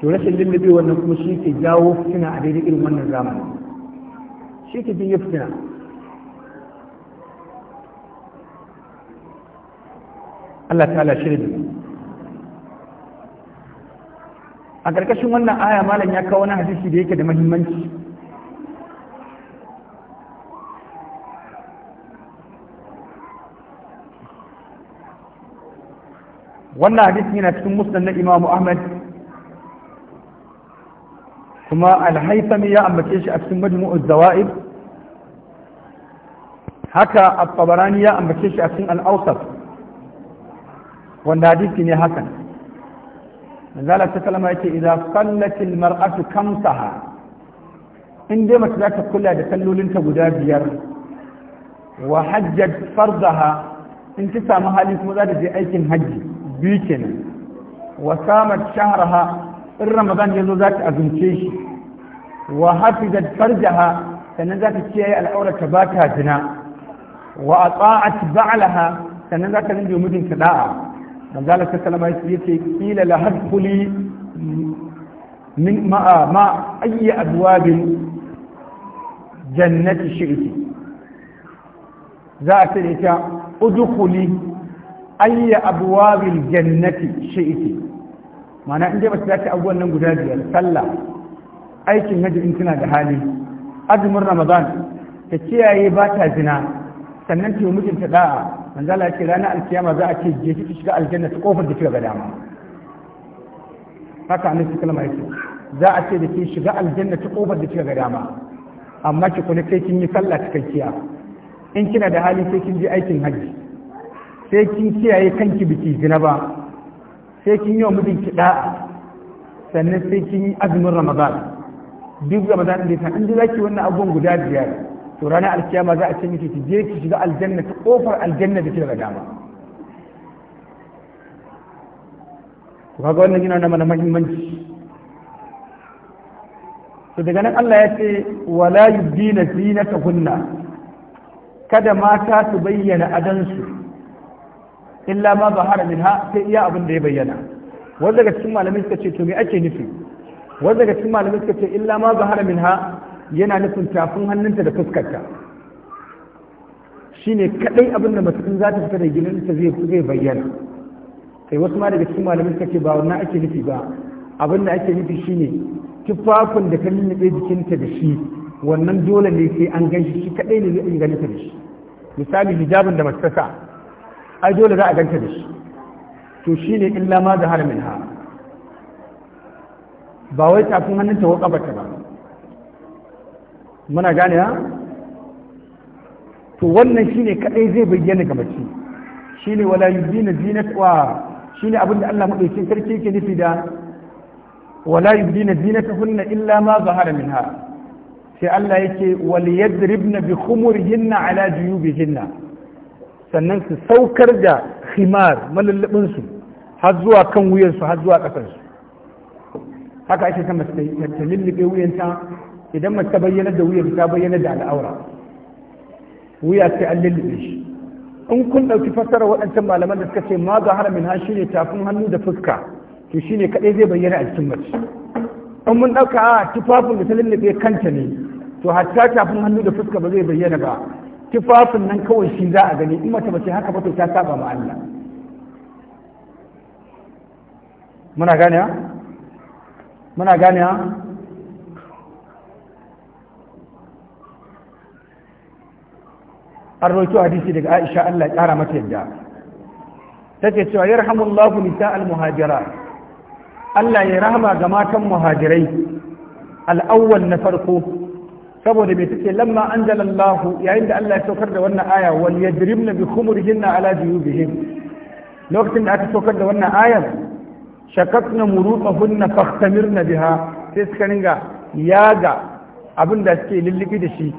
Speaker 1: to rashin lullube wannan kuma shi ke jawo fitina a daidai irin wannan zamani shi ke jin fitina Allah Ta ala shirin a ƙarƙashin wannan aya malam ya kawo wani hadisi da yake da muhimmanci wannan hadisi yana cikin musnad na imamu ahmad kuma Alhaifami ya ambace shi a cikin majmu'uz zawa'id haka at ya ambace shi a cikin al wanda hadisi ne hakan manzala ta kalama yake idza qallatil mar'atu kamsaha in dai mace za ta kula da sallolinta guda biyar wa hajjat fardaha in ta samu hali kuma za ta je aikin hajji biyu kenan wa samat shahraha in ramadan ya zo za ta azumce shi wa hafizat farjaha sannan za ta kiyaye al'aurata ba ta jina wa ata'at ba'laha sannan za ta rinje mijinta da'a manzala ta salama ya ce kila la hadkuli min ma'a ma ayyi abwabin jannati shi'ti za a ce ita udkhuli ayya abwabil jannati shi'ti mana in dai ba ta ci abubuwan nan guda biyar sallah aikin hajji in tana da hali azumin ramadan ta kiyaye ba ta zina sannan ta yi mijinta da'a manzala ce ranar alkiyama za a ce je ki shiga aljanna ta kofar da kika ga dama haka su sallama yake za a ce da ke shiga aljanna ta kofar da kika ga dama amma ki kula sai kin yi sallah cikakkiya in kina da hali sai kin je aikin haji. sai kin kiyaye kanki biki zina ba sai kin yi wa mutum kiɗa sannan sai kin yi azumin ramadan duk ramadan da ta in zaki wannan abubuwan guda biyar to ranar alkiyama za a ce miki ki je ki shiga aljanna ta kofar aljanna da ke daga dama to kaga wannan yana na mana muhimmanci to daga nan Allah ya ce wala yubdina zinatahunna kada mata su bayyana adansu illa ma zahara minha sai iya abin da ya bayyana wanda daga cikin malamai suka ce to me ake nufi wanda daga cikin malamai suka ce illa ma zahara minha yana nufin tafin hannunta da fuskarta shine kadai abin da mutum za ta fita da gidansa zai zai bayyana kai wasu ma daga cikin malamai suka ce ba wannan ake nufi ba abin da ake nufi shine tufafin da ka lullube jikinta da shi wannan dole ne sai an ganshi shi kadai ne zai ganin ta da shi misali hijabin da mace ta sa ai dole za a ganta da shi to shine illa ma da haramin ha ba wai tafin hannunta ko kafarta ba muna gane ha to wannan shine kadai zai bayyana ga mace shine wala yubina zinat wa shine abin da Allah madaukakin sarki yake nufi da wala ta zinatahunna illa ma zahara minha sai Allah yake wal yadribna bi khumurihinna ala juyubihinna sannan su saukar da himar malullubinsu har zuwa kan wuyansu har zuwa ƙasarsu haka ake ta mace ta lullube wuyanta idan mace ta bayyana da wuyar ta bayyana da al'aura wuya sai an lullube shi in kun ɗauki fassara waɗancan malaman da suka ce ma ga haramin ha shine tafin hannu da fuska to shine kaɗai zai bayyana a cikin mace in mun ɗauka a tufafin da ta lullube kanta ne to hatta tafin hannu da fuska ba zai bayyana ba tufafin nan kawai shi za a gani in mace ba ce haka ba to ta saba ma Allah muna gane ha muna gane ha an roƙi hadisi daga Aisha Allah ya ƙara mata yadda take cewa yarhamullahu nisa'al muhajira Allah ya rahama ga matan muhajirai al awwal na farko saboda mai take lamma anzalallahu yayin da Allah ya saukar da wannan aya wal yadrimna bi khumurihinna ala juyubihim lokacin da aka saukar da wannan ayar shakatna murutahunna fahtamirna biha sai suka ringa yaga abin da suke lullubi da shi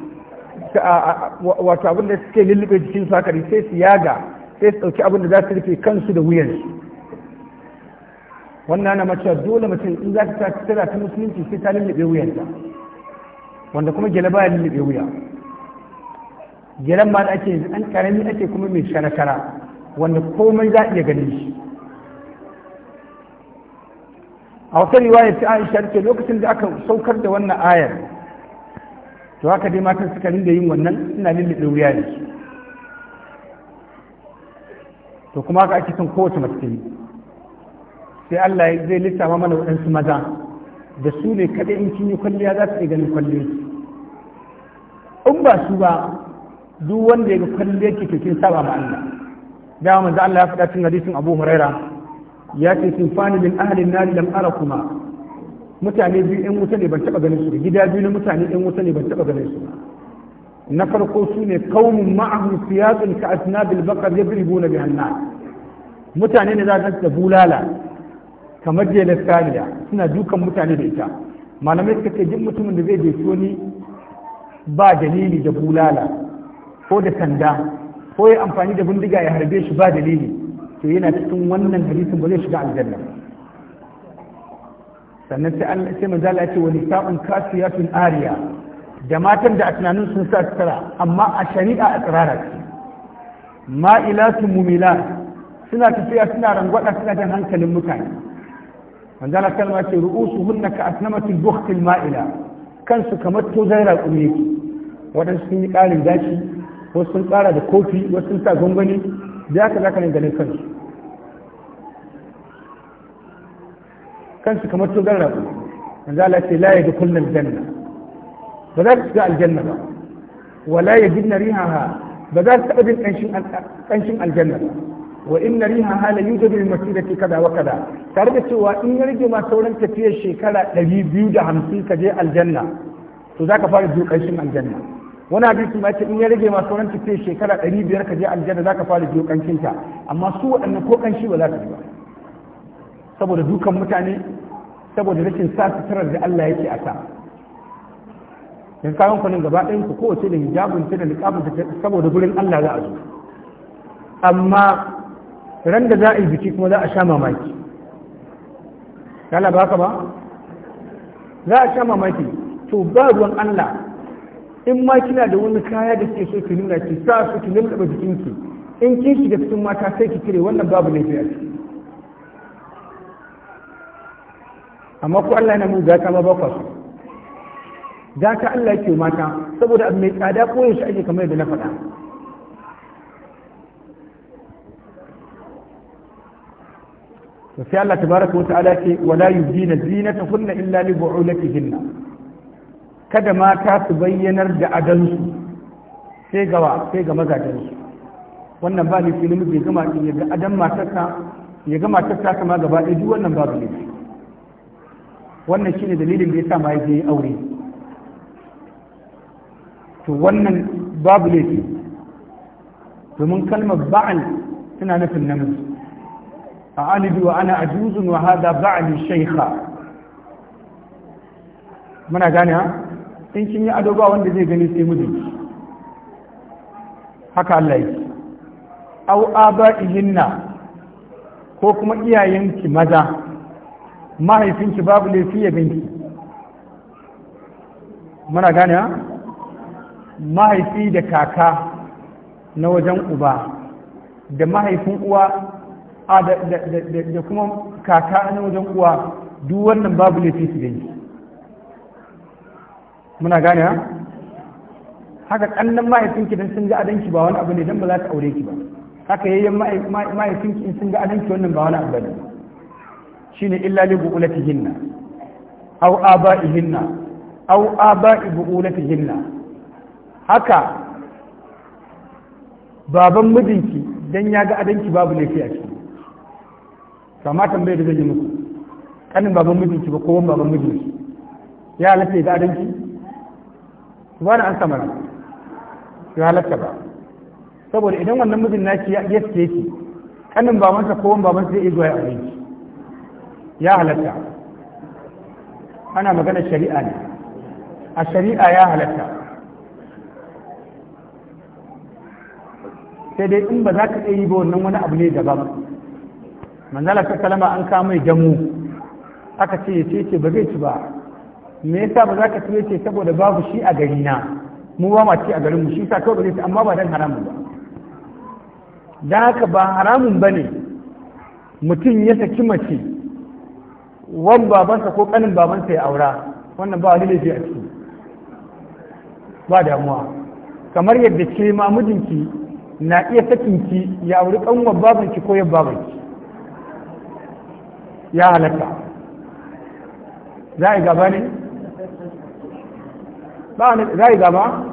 Speaker 1: wato abin da suke lullubi da shi su haka sai su yaga sai su dauki abin da za su rufe kansu da wuyansu wannan na mace dole mutum in za ta tsira ta musulunci sai ta lullube wuyanta wanda kuma gyale baya lullube wuya gyalen ma da ake an karami ake kuma mai shara-shara wanda komai za a iya ganin shi a wata riwaya ta aisha ce lokacin da aka saukar da wannan ayar to haka dai matan suka rinda yin wannan suna lullube wuya ne, to kuma haka ake son kowace mace sai Allah zai lissafa mana waɗansu maza da su ne kaɗai in kin yi kwalliya za su iya ganin kwalliyar in ba su ba duk wanda ya ga kwalliyar ki kin saba ma Allah da manzo Allah ya faɗa cikin hadisin Abu Huraira ya ce sun fani min ahlin nar lam arakuma mutane biyu ɗan wuta ne ban taɓa ganin su gida biyu na mutane ɗan wuta ne ban taɓa ganin su na farko su ne kaunin ma'ahu siyasun ka asnabil bakar ya birgo na mutane ne za su da bulala kamar jelar saniya suna dukan mutane da ita malamai suka ce duk mutumin da zai je wani ba dalili da bulala ko da sanda ko ya amfani da bindiga ya harbe shi ba dalili to yana cikin wannan hadisin ba zai shiga aljanna sannan sai Allah sai manzo Allah ya ce wani sa'un kasiyatun ariya da matan da a tunanin sun sa tsara amma a shari'a a tsirara ma'ilatu mumila suna tafiya suna rangwada suna jan hankalin mutane manzala kalma ce ru'usu hunna ka asnamatul bukhtil ma'ila kansu kamar tozai raƙumi yake waɗansu sun yi ƙarin gashi wasu sun ƙara da kofi wasu sun sa gwangwani da haka zaka ne ganin kansu kansu kamar tozai raƙumi manzala ce la yadu kullal janna ba za ta shiga aljanna ba wala yajidna rihaha ba za ta taɓa jin ƙanshin aljanna ba wa inna riha hala yujadu bil masirati kada wa kada tare da cewa in ya rage ma sauran tafiyar shekara 250 ka je aljanna to zaka fara dukan shin aljanna wani hadisi ma ce in ya rage ma sauran tafiyar shekara biyar ka je aljanna zaka fara dukan shin ta amma su waɗannan ko ƙanshi ba za ka ji ba saboda dukan mutane saboda rashin sa suturar da Allah yake a sa yanzu kayan kwanin gaba ɗayan ku kowace da hijabun ta da niqabin ta saboda gurin Allah za a zo amma ran da za a yi biki kuma za a sha mamaki ba ka ba za a sha mamaki to ba ruwan Allah in ma kina da wani kaya da kike so ki nuna ki sa su ki lulluɓa jikinki in kin shiga cikin mata sai ki kire wannan babu ne a amma ko Allah yana mun gata ma ba kwa za ta Allah yake mata saboda abu mai tsada ko yaushe ake kamar yadda na faɗa sai Allah tabaraka wa ta'ala ce wala yubdina kunna illa li bu'ulatihinna kada mata su bayyanar da adansu sai gawa sai ga mazajensu wannan ba ne nufi namiji ya gama ya ga adan matarsa ya gama matarsa kama gaba ɗaya duk wannan babu nufi wannan shine dalilin da ya sa ma ya je aure to wannan babu laifi domin kalmar ba'al tana nufin namiji أعاند وأنا عجوز وهذا بعلي شيخا muna gane ha in kin yi ado ba wanda zai gani sai mijinki haka Allah yake aw aba'ihinna ko kuma iyayenki maza mahaifinki babu laifi ya binki muna gane ha mahaifi da kaka na wajen uba da mahaifin uwa a da kuma kaka na wajen uwa duk wannan babu laifi su gani muna gane ha haka kannan mahaifinki dan sun ga adanki ba wani abu ne dan ba za ta aure ki ba haka yayi mahaifinki sun ga adanki wannan ba wani abu ne shine illa li bu'ulatihinna aw aba'ihinna aw aba'i bu'ulatihinna haka baban mijinki dan ya ga adanki babu laifi a ciki kama tambayar da zai yi muku kanin baban mijinki ba kowan baban mijinki ya halatta ya gadanki su ba da an samara ya halatta ba saboda idan wannan mijin ce ya iya suke ki kanin babansa kowan babansa zai iya zuwa ya ya halatta ana magana shari'a ne a shari'a ya halatta sai dai in ba za ka iya yi ba wannan wani abu ne daban manzala ta kalama an kama damu aka ce ya ce ba zai ci ba me yasa ba za ka ci ce saboda babu shi a gari na mu ba ma ci a garin mu shi sa kawai ba zai ci amma ba dan haramun ba da haka ba haramun ba ne mutum ya saki mace wan babansa ko kanin babansa ya aura wannan ba wani laifi a ciki ba damuwa kamar yadda ce ma mijinki na iya sakinki ya auri kanwar babanki ko yan babanki ya halatta za a yi gaba ne ba za a yi gaba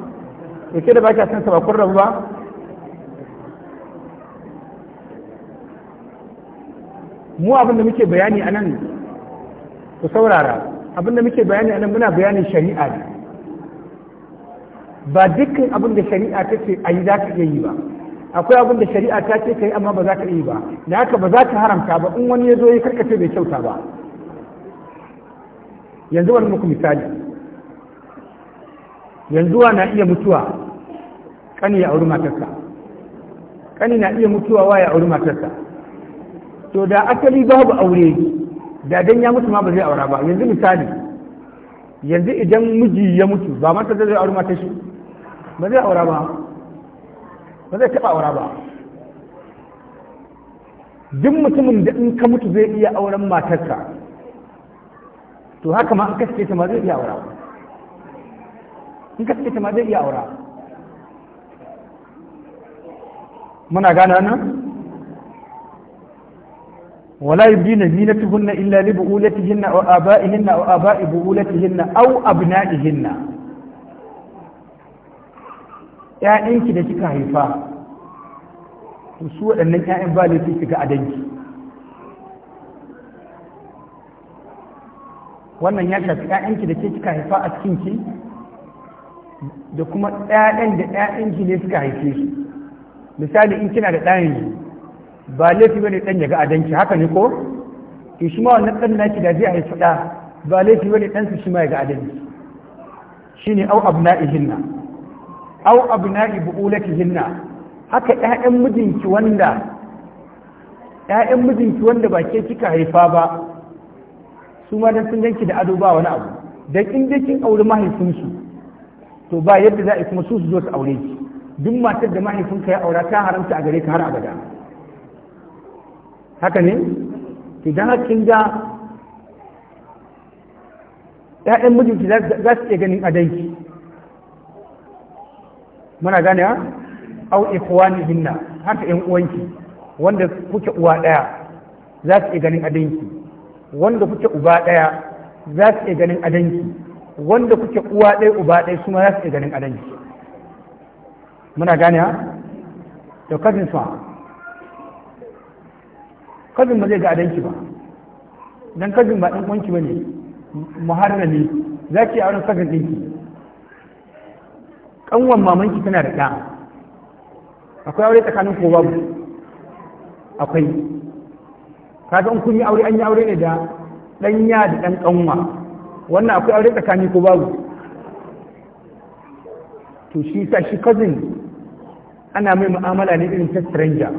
Speaker 1: yake da baki a san sabakun rabu ba mu abinda muke bayani a nan ku saurara abinda muke bayani a nan muna bayanin shari'a ne ba dukkan abinda shari'a ta ce a yi za ka iya yi ba akwai abin da shari'a ta ce ka yi amma ba za ka yi ba da haka ba za ka haramta ba in wani ya zo ya karkace bai kyauta ba yanzu wani muku misali yanzu wa na iya mutuwa kani ya auri matarsa kani na iya mutuwa wa ya auri matarsa to da asali babu aure da dan ya mutu ma ba zai aura ba yanzu misali yanzu idan miji ya mutu ba matar zai auri matar shi ba zai aura ba ba zai taɓa aura ba duk mutumin da in ka mutu zai iya auren matarka to haka ma in ka ce ta ma zai iya aura in ka ce ta ma zai iya aura muna gane nan wala yubina zinatuhunna illa li bu'ulatihinna aw aba'ihinna aw aba'i bu'ulatihinna aw abna'ihinna Ya'yanki da kika haifa to su waɗannan ƴaƴan ba laifi a danki wannan ya shafi ‘ya’yanki da ke kika haifa a cikin ki da kuma ƴaƴan da ƴaƴanki ne suka haife su misali in kina da ɗayan ba laifi bane ɗan ya ga danki haka ne ko to shi ma wannan ɗan naki da zai haifi ɗa ba laifi bane ɗansa shi ma ya ga adanki shine au abna'ihinna au abna'i bu'ulatihinna haka ƴaƴan mijinki wanda ƴaƴan mijinki wanda ba ke kika haifa ba su ma dan sun ganki da ado ba wani abu dan in dai kin auri mahaifinsu to ba yadda za a yi kuma su su zo su aure ki duk matar da mahaifinka ya aura ta haramta a gare ka har abada haka ne idan kin ga ƴaƴan mijinki za su iya ganin adanki muna gane ha au hinna haka yan uwanki wanda kuke uwa daya za su iya ganin adanki wanda kuke uba daya za su iya ganin adanki wanda kuke uwa ɗaya uba ɗaya su ma za su iya ganin adanki muna gane ha to kazin su kazin ba zai ga adanki ba dan kazin ba dan uwanki bane muharrami zaki a wurin kazin ɗinki kanwan mamanki tana da ɗa akwai aure tsakanin ko babu akwai kaga in kun yi aure an yi aure ne da ɗanya da ɗan kanwa wannan akwai aure tsakani ko babu to shi sa shi cousin ana mai mu'amala ne irin ta stranger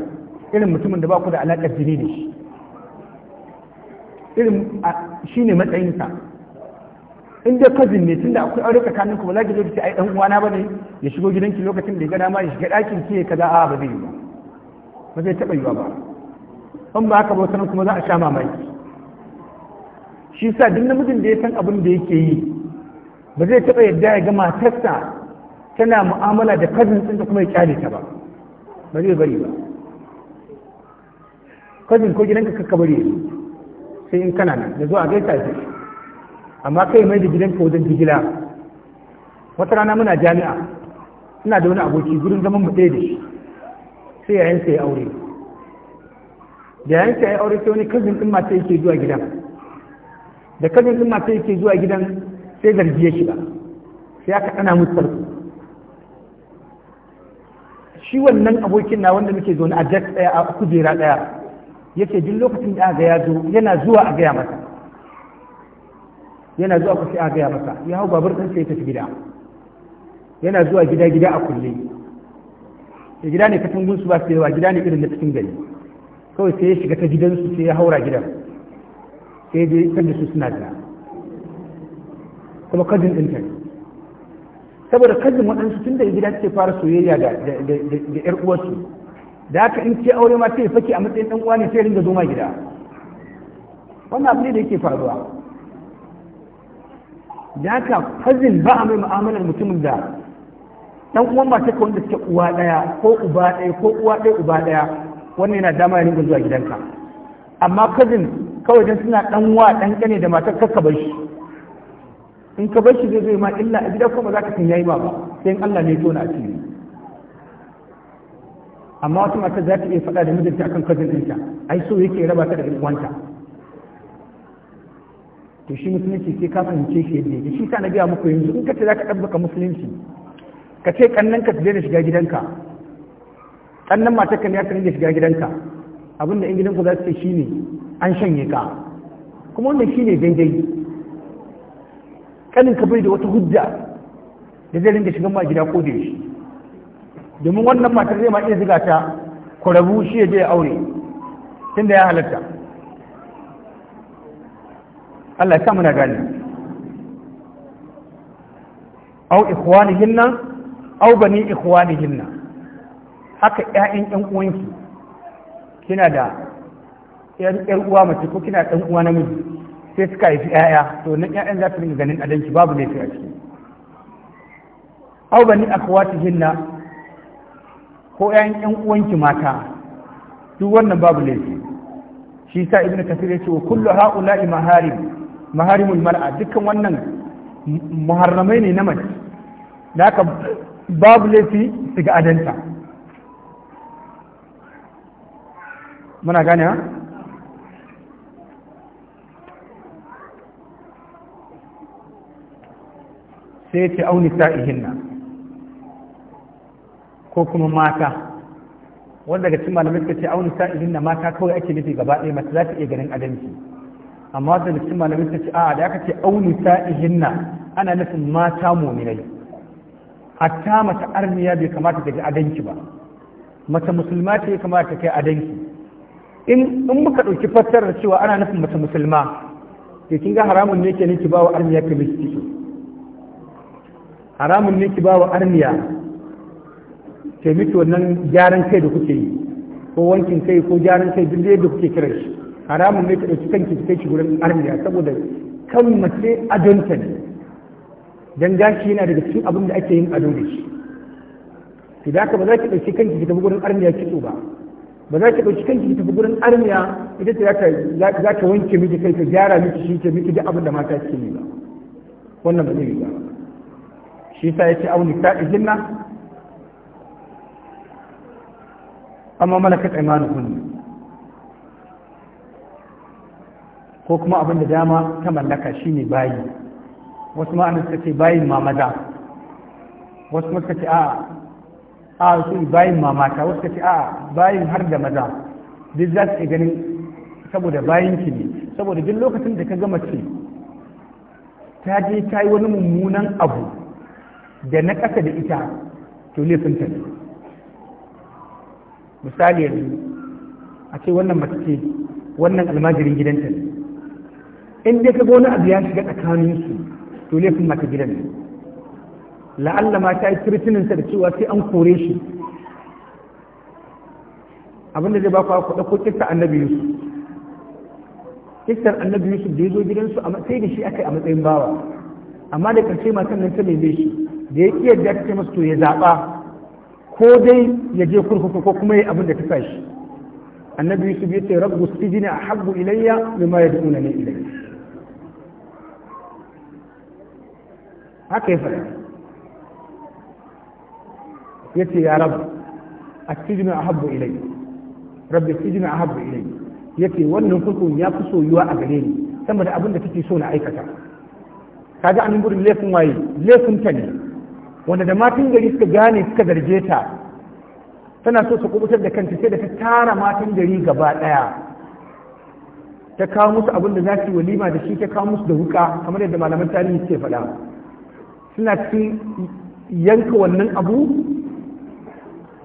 Speaker 1: irin mutumin da ba ku da alaƙar jini da shi irin shi ne matsayinsa in dai cousin ne tunda akwai aure tsakanin ku ba za ki zo ki ce ai dan uwana bane ya shigo gidanki lokacin da ya gana ma ya shiga ɗakin ki kaza a ba zai yi ba ba zai taɓa yi ba in ba haka ba sanan kuma za a sha mamaki shi sa duk namijin da ya san abin da yake yi ba zai taɓa yadda ya ga matarsa tana mu'amala da din da kuma ya kyale ta ba ba zai bari ba kazin ko gidanka ka bari sai in kana nan da zuwa gaita shi amma kai mai da gidanka wajen jigila wata rana muna jami'a ina da wani aboki gurin zaman mu ɗaya da shi sai yayin sai aure da yayin sai aure sai wani kazin din mata yake zuwa gidan da kazin din mata yake zuwa gidan sai zargi ya shiga sai aka ɗana musu sarki shi wannan abokin na wanda muke zaune a jas ɗaya a kujera ɗaya yake duk lokacin da aka ya zo yana zuwa a gaya masa yana zuwa ku sai a gaya masa ya hau babur ɗin sai tafi gida yana zuwa gida gida a kulle da gida ne katangun gunsu ba su yawa gida ne irin na cikin gari kawai sai ya shiga ta gidansu sai ya haura gidan sai dai kan da su suna da kuma kajin ɗinta ne saboda kajin waɗansu tun da gida ce fara soyayya da ƴar uwarsu da haka in ce aure ma sai fake a matsayin ɗan uwa ne sai ringa zo ma gida wannan abu ne da yake faruwa da haka fazil ba a mai mu'amalar mutumin da dan uwan ba take wanda suke uwa daya ko uba daya ko uwa daya uba daya wannan yana dama ya rinka zuwa gidanka amma cousin kawai dan suna dan wa dan kane da matar kakka bar shi in ka bar shi zai zai ma illa a gidan kuma zaka kan yayi ba sai Allah ne tona a cikin amma wata mata za ta iya faɗa da mijinta akan cousin ɗinta ai so yake raba ta da uwanta to shi musulunci sai ka fahimce shi yadda yake shi sa na biya muku yanzu in ka ce za ka ɗabbaka musulunci ka ce kannan ka da shiga gidanka kannan matar ka ne ya da shiga gidanka abin da 'yan za su ce ne, an shanye ka kuma wannan ne daidai kanin ka bai da wata hujja da zai ringa shigan ma gida ko da shi. domin wannan matar zai ma iya ziga ta kurabu shi ya je ya aure da ya halatta Allah ya muna gani au ikhwanihinna au bani ikhwanihinna haka ƴaƴan ƴan uwanki kina da ƴan ƴar uwa mace ko kina ɗan uwa namiji sai suka haifi ƴaƴa to nan ƴaƴan za su dinga ganin adanki babu laifi a ciki au bani akhwatihinna ko ƴaƴan ƴan uwanki mata duk wannan babu laifi shi sa ibnu kasir ya ce wa kullu ha'ula'i maharib maharimul mar'a dukkan wannan muharramai ne na mace da haka babu laifi su ga adanta muna gane ha sai ce auni sa'ihinna ko kuma mata wanda daga cikin malamai suka ce auni sa'ihinna mata kawai ake nufi gaba ɗaya mata za ta iya ganin adanci amma da cikin malamai ta ce a da aka ce auni sa'ihinna ana nufin mata muminai hatta mata armiya bai kamata ta ji adanki ba mata musulma ce ya kamata ta kai adanki in in muka ɗauki fassarar cewa ana nufin mata musulma to kin ga haramun ne ke niki bawa armiya ka miki haramun ne ki bawa armiya ke miki wannan gyaran kai da kuke yi ko wankin kai ko gyaran kai duk da kuke kiran shi haramun ne ka ɗauki kanki ki kai gurin armiya saboda kan mace adonta ne don gashi yana daga cikin abin da ake yin ado da shi da ka ba za ki ɗauki kanki ki tafi gurin armiya kitso ba ba za ki ɗauki kanki ki tafi gurin armiya ita ta za ta wanke miki kai ta gyara miki shi ke miki duk abin da mata ke yi ba wannan ba zai yi ba shi sa ya ce wani ta jinna amma mana ka tsaimanu kunni ko kuma abin da dama ta mallaka shi ne bayi wasu ma'ana suka ce bayin ma maza wasu kuma suka ce a a su bayin ma mata wasu suka ce a bayin har da maza duk za su ganin saboda bayin ki ne saboda duk lokacin da ka gama ce ta je ta yi wani mummunan abu da na ƙasa da ita to laifin ta misali yanzu a ce wannan mace ce wannan almajirin gidanta ne in dai ka wani abu ya shiga su to laifin mata gidan ne la'alla ma ta yi kirtininta da cewa sai an kore shi abinda zai ba ku kuɗa ko kistar annabi yusuf kistar annabi yusuf da ya zo gidansu a matsayi da shi aka yi a matsayin bawa amma da ƙarshe matan nan ta neme shi da ya kiyar da ta ce masa to ya zaɓa ko dai ya je kurkuku ko kuma ya abin da ta sa shi annabi yusuf ya ce rabbu sijina habbu ilayya ya yad'una ni ilayya haka ya faɗa ya ce ya rabu a cikin a habbu ilai rabbi cikin a habbu ilai ya ce wannan kurkun ya fi soyuwa a gare ni sama abin da kake so na aikata ga an gudun laifin waye laifin ta ne wanda da matan gari suka gane suka zarge ta tana so su kubutar da kanta sai da ta tara matan gari gaba ɗaya ta kawo musu abin da za su yi walima da shi ta kawo musu da wuka kamar yadda malaman tarihi suke faɗa suna cikin yanka wannan abu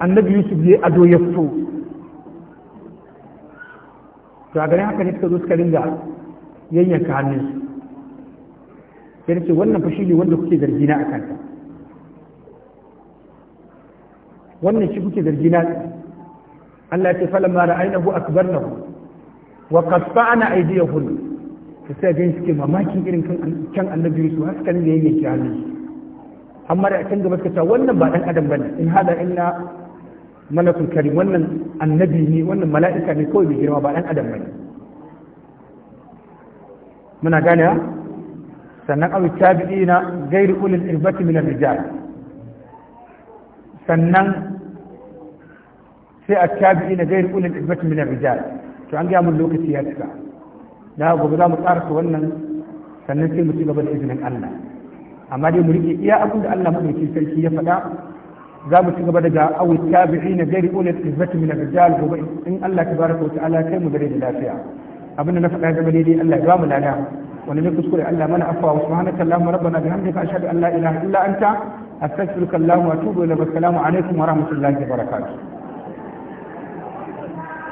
Speaker 1: annabi yusuf ya ado ya fito to a ganin haka ne suka zo suka ringa yanyanka hannunsu sai ce wannan fashi ne wanda kuke zargina a kanta wannan shi kuke zargina Allah ce falan mara ainihu akbar na wa kasfa ana aidiyahun ta sai gani suke mamakin irin kan annabi yusuf har suka ringa yanyanki hannunsu amma da kan gaba suka wannan ba dan adam bane in hada inna malakul karim wannan annabi ne wannan mala'ika ne kawai bai girma ba dan adam bane muna gane sannan abu tabi'ina gairu ulil irbati min ar-rijal sannan sai a tabi'ina gairu ulil irbati min ar-rijal to an ga mun lokaci ya cika na gobe za mu tsara wannan sannan sai mu ci gaba da izinin Allah amma dai mu rike iya abin da Allah madauki sarki ya faɗa za mu ci gaba daga awu tabi'i na gari ulul izzati min ar-rijal gobe in Allah tabaraka wa ta'ala kai mu gare da lafiya abin da na faɗa gaba daidai Allah ya ba mu lada wani ne kuskure Allah mana afwa wa subhanaka allahumma rabbana bihamdika ashhadu an la ilaha illa anta astaghfiruka allahumma wa atubu ilaik assalamu alaikum wa rahmatullahi wa barakatuh